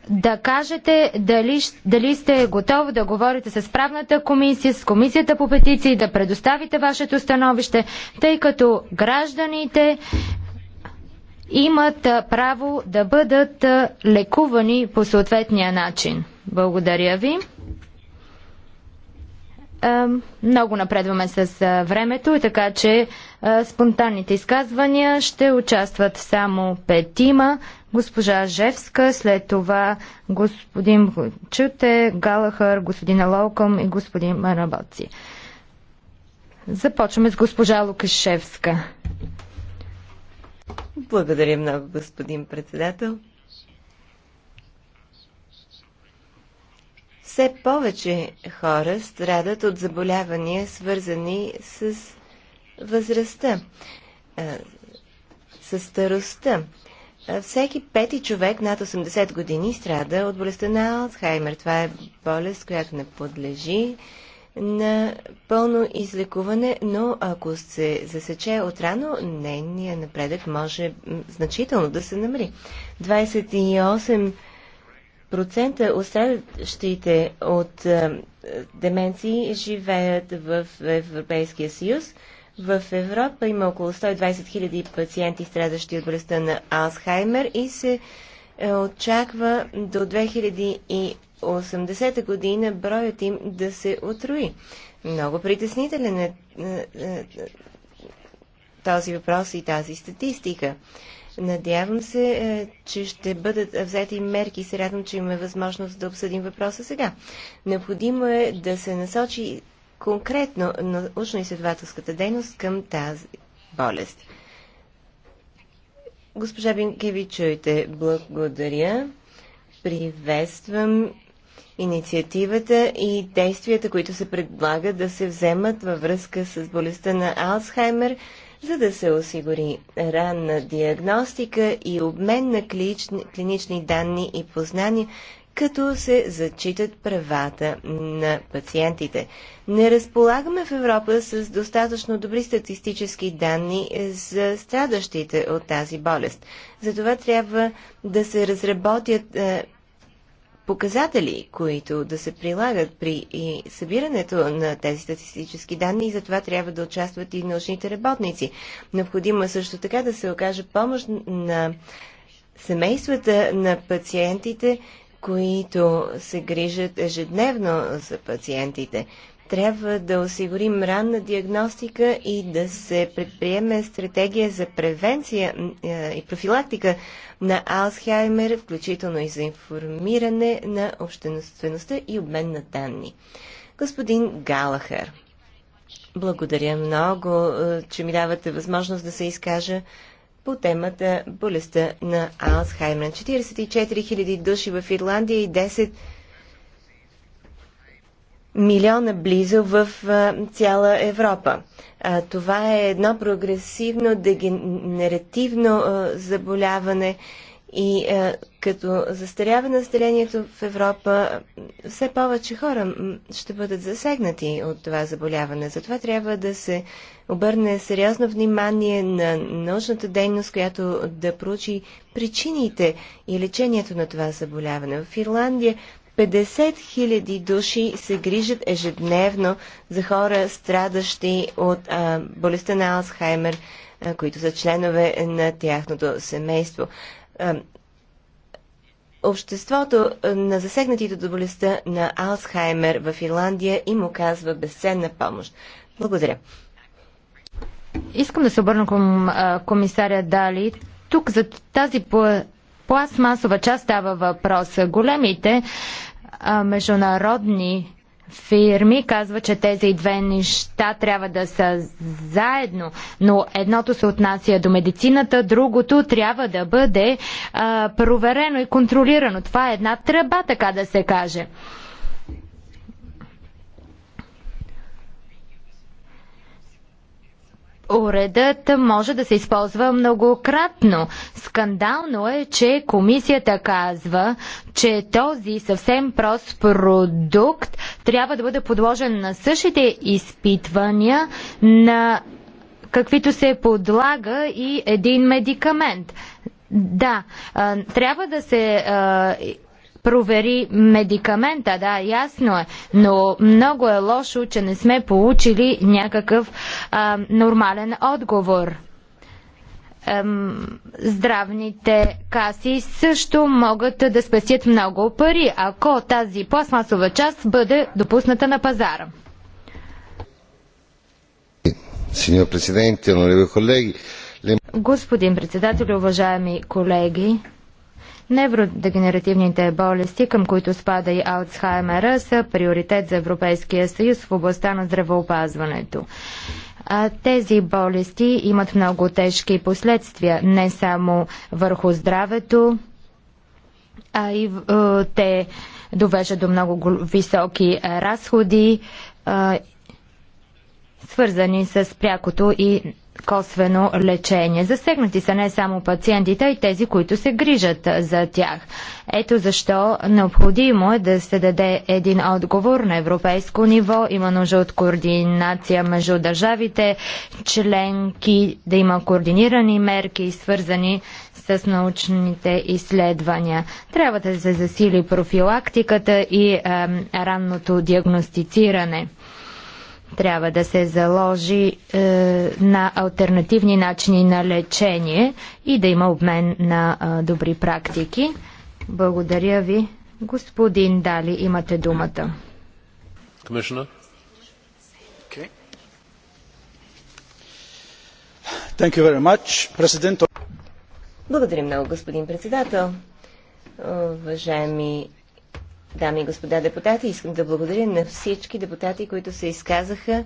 да кажете дали, дали сте готови да говорите с правната комисия, с комисията по петиции, да предоставите вашето становище, тъй като гражданите имат право да бъдат лекувани по съответния начин. Благодаря ви. Много напредваме с времето, така че спонтанните изказвания ще участват само петима госпожа Жевска, след това господин Чуте, Галахър, господин Лолком и господин Марабаци. Започваме с госпожа Лукашевска. Благодаря много, господин председател. Все повече хора страдат от заболявания, свързани с възрастта, с старостта. Е, всеки пети човек над 80 години страда от болестта на Алцхаймер. Това е болест, която не подлежи на пълно излекуване, но ако се засече отрано, нейният напредък може значително да се намери. 28% от страдащите от е, деменции живеят в Европейския съюз, в Европа има около 120 000 пациенти, страдащи от болестта на Алцхаймер и се е, очаква до 2080 година броят им да се отруи. Много притеснителен е, е, е този въпрос и тази статистика. Надявам се, че ще бъдат взети мерки и се радвам, че имаме възможност да обсъдим въпроса сега. Необходимо е да се насочи конкретно научно-изследователската дейност към тази болест. Госпожа Бинкеви, чуйте, благодаря. Приветствам инициативата и действията, които се предлагат да се вземат във връзка с болестта на Алцхаймер, за да се осигури ранна диагностика и обмен на клинични данни и познания, като се зачитат правата на пациентите. Не разполагаме в Европа с достатъчно добри статистически данни за страдащите от тази болест. Затова трябва да се разработят е, показатели, които да се прилагат при събирането на тези статистически данни и затова трябва да участват и научните работници. Необходимо е също така да се окаже помощ на семействата на пациентите които се грижат ежедневно за пациентите. Трябва да осигурим ранна диагностика и да се предприеме стратегия за превенция е, и профилактика на Алцхаймер, включително и за информиране на обществеността и обмен на данни. Господин Галахер, благодаря много, е, че ми давате възможност да се изкажа по темата болестта на Алцхаймер. 44 000 души в Ирландия и 10 милиона близо в цяла Европа. това е едно прогресивно дегенеративно заболяване и а, е, като застарява населението в Европа, все повече хора ще бъдат засегнати от това заболяване. Затова трябва да се обърне сериозно внимание на научната дейност, която да проучи причините и лечението на това заболяване. В Ирландия 50 хиляди души се грижат ежедневно за хора, страдащи от а, болестта на Алцхаймер, а, които са членове на тяхното семейство. Е, обществото е, на засегнатите до болестта на Алцхаймер в Ирландия им оказва безценна помощ. Благодаря. Искам да се обърна към е, комисаря Дали. Тук за тази пластмасова част става въпрос. Големите международни фирми казва, че тези две неща трябва да са заедно, но едното се отнася до медицината, другото трябва да бъде а, проверено и контролирано. Това е една тръба, така да се каже. Уредът може да се използва многократно. Скандално е, че комисията казва, че този съвсем прост продукт трябва да бъде подложен на същите изпитвания, на каквито се подлага и един медикамент. Да, трябва да се провери медикамента. Да, ясно е, но много е лошо, че не сме получили някакъв а, нормален отговор здравните каси също могат да спестят много пари, ако тази пластмасова част бъде допусната на пазара. Господин председател, уважаеми колеги, Невродегенеративните болести, към които спада и Алцхаймера, са приоритет за Европейския съюз в областта на здравеопазването. А тези болести имат много тежки последствия, не само върху здравето, а и е, те довеждат до много високи разходи, е, свързани с прякото и косвено лечение. Засегнати са не само пациентите, а и тези, които се грижат за тях. Ето защо необходимо е да се даде един отговор на европейско ниво. Има нужда от координация между държавите, членки, да има координирани мерки, свързани с научните изследвания. Трябва да се засили профилактиката и е, ранното диагностициране трябва да се заложи е, на альтернативни начини на лечение и да има обмен на е, добри практики. Благодаря ви. Господин Дали, имате думата. Thank you very much, President. Благодаря много, господин председател. Уважаеми дами и господа депутати. Искам да благодаря на всички депутати, които се изказаха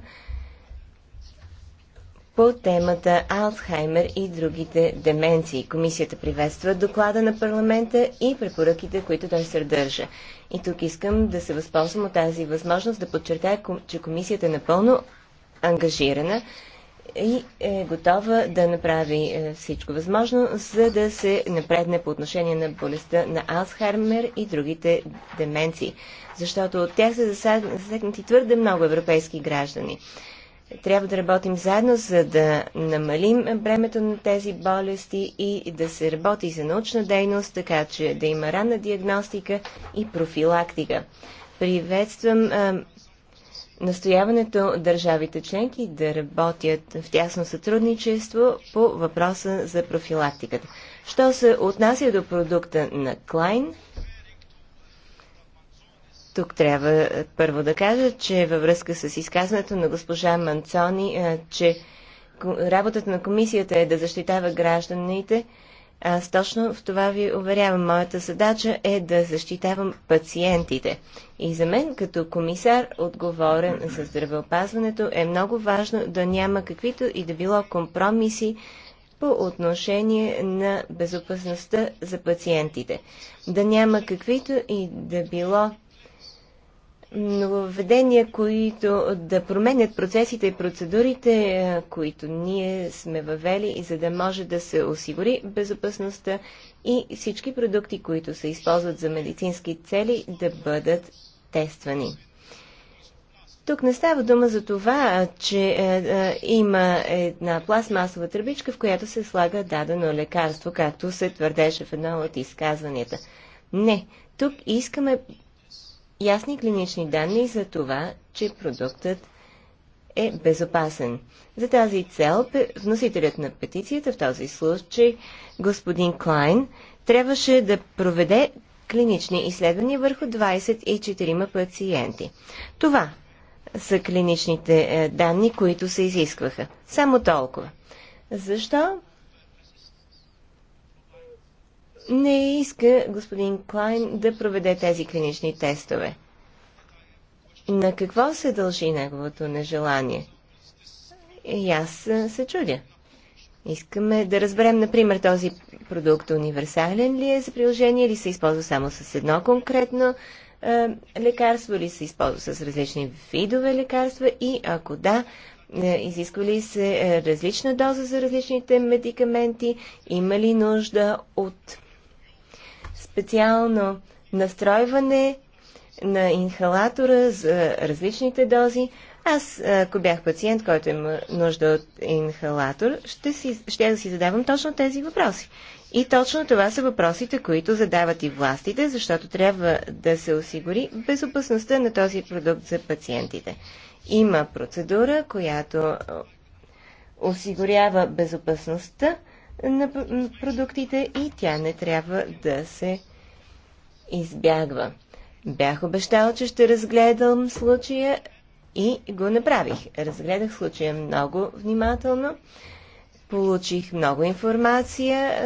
по темата Алцхаймер и другите деменции. Комисията приветства доклада на парламента и препоръките, които той съдържа. И тук искам да се възползвам от тази възможност да подчертая, че комисията е напълно ангажирана и е готова да направи е, всичко възможно, за да се напредне по отношение на болестта на Алцхаймер и другите деменции. Защото от тях са засегнати твърде много европейски граждани. Трябва да работим заедно, за да намалим бремето на тези болести и да се работи за научна дейност, така че да има ранна диагностика и профилактика. Приветствам е, настояването държавите членки да работят в тясно сътрудничество по въпроса за профилактиката. Що се отнася до продукта на Клайн, тук трябва е, първо да кажа, че във връзка с изказването на госпожа Манцони, е, че работата на комисията е да защитава гражданите, аз точно в това ви уверявам. Моята задача е да защитавам пациентите. И за мен, като комисар, отговорен за здравеопазването, е много важно да няма каквито и да било компромиси по отношение на безопасността за пациентите. Да няма каквито и да било нововведения, които да променят процесите и процедурите, е, които ние сме въвели, и за да може да се осигури безопасността и всички продукти, които се използват за медицински цели, да бъдат тествани. Тук не става дума за това, че е, е, има една пластмасова тръбичка, в която се слага дадено лекарство, както се твърдеше в едно от изказванията. Не, тук искаме ясни клинични данни за това, че продуктът е безопасен. За тази цел вносителят на петицията, в този случай господин Клайн, трябваше да проведе клинични изследвания върху 24 пациенти. Това са клиничните е, данни, които се изискваха. Само толкова. Защо не иска господин Клайн да проведе тези клинични тестове. На какво се дължи неговото нежелание? И аз се чудя. Искаме да разберем, например, този продукт универсален ли е за приложение, или се използва само с едно конкретно е, лекарство, или се използва с различни видове лекарства и ако да, е, изисква ли се е, различна доза за различните медикаменти, има ли нужда от специално настройване на инхалатора за различните дози. Аз, ако бях пациент, който има нужда от инхалатор, ще, си, ще да си задавам точно тези въпроси. И точно това са въпросите, които задават и властите, защото трябва да се осигури безопасността на този продукт за пациентите. Има процедура, която осигурява безопасността на продуктите и тя не трябва да се избягва. Бях обещал, че ще разгледам случая и го направих. Разгледах случая много внимателно. Получих много информация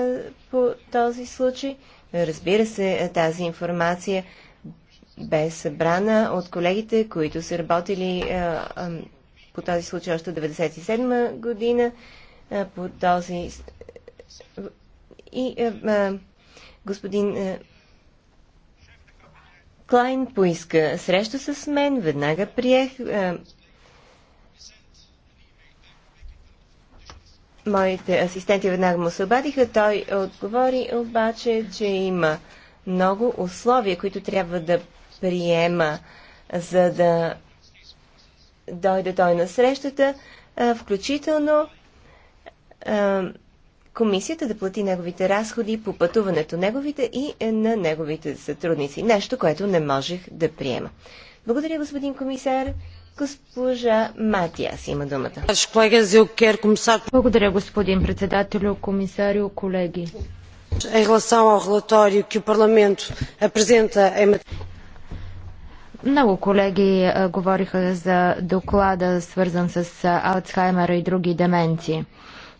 по този случай. Разбира се, тази информация бе събрана от колегите, които са работили по този случай още 1997 година. По този и а, е, а, е, господин а, е, Клайн поиска среща с мен, веднага приех. А, моите асистенти веднага му се обадиха. Той отговори обаче, че има много условия, които трябва да приема, за да дойде той на срещата, включително комисията да плати неговите разходи по пътуването неговите и е, на неговите сътрудници. Нещо, което не можех да приема. Благодаря, господин комисар. Госпожа Матиас има думата. Благодаря, господин председател, комисарио, колеги. Много колеги е, говориха за доклада, свързан с е, Алцхаймера и други деменции.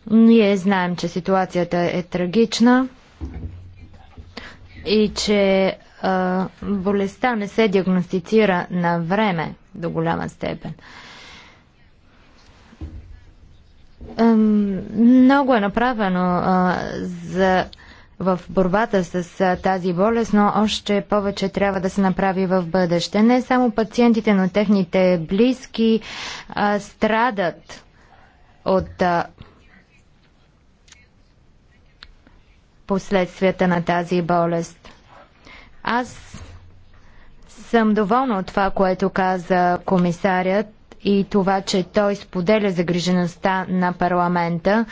Ние знаем, че ситуацията е трагична и че а, болестта не се диагностицира на време до голяма степен. Много е направено а, за, в борбата с а, тази болест, но още повече трябва да се направи в бъдеще. Не само пациентите, но техните близки а, страдат от а, последствията на тази болест. Аз съм доволна от това, което каза комисарят и това, че той споделя загрижеността на парламента.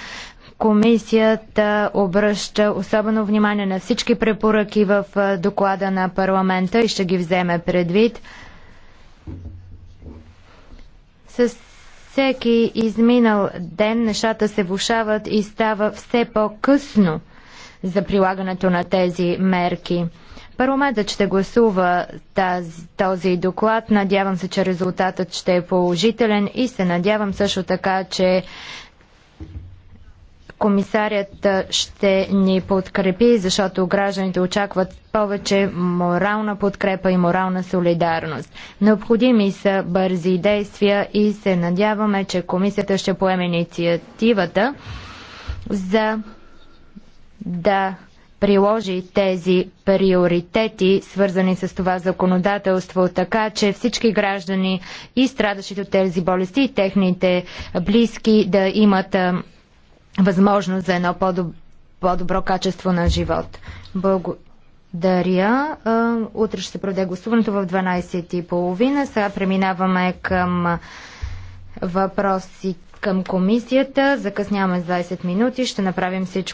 Комисията обръща особено внимание на всички препоръки в доклада на парламента и ще ги вземе предвид. С всеки изминал ден нещата се влушават и става все по-късно за прилагането на тези мерки. Парламентът ще гласува тази, този доклад. Надявам се, че резултатът ще е положителен и се надявам също така, че комисарият ще ни подкрепи, защото гражданите очакват повече морална подкрепа и морална солидарност. Необходими са бързи действия и се надяваме, че комисията ще поеме инициативата за да приложи тези приоритети, свързани с това законодателство, така че всички граждани и страдащите от тези болести и техните близки да имат а, възможност за едно по-добро, по-добро качество на живот. Благодаря. Утре ще се проведе гласуването в 12.30. Сега преминаваме към въпроси към комисията. Закъсняваме с 20 минути. Ще направим всичко.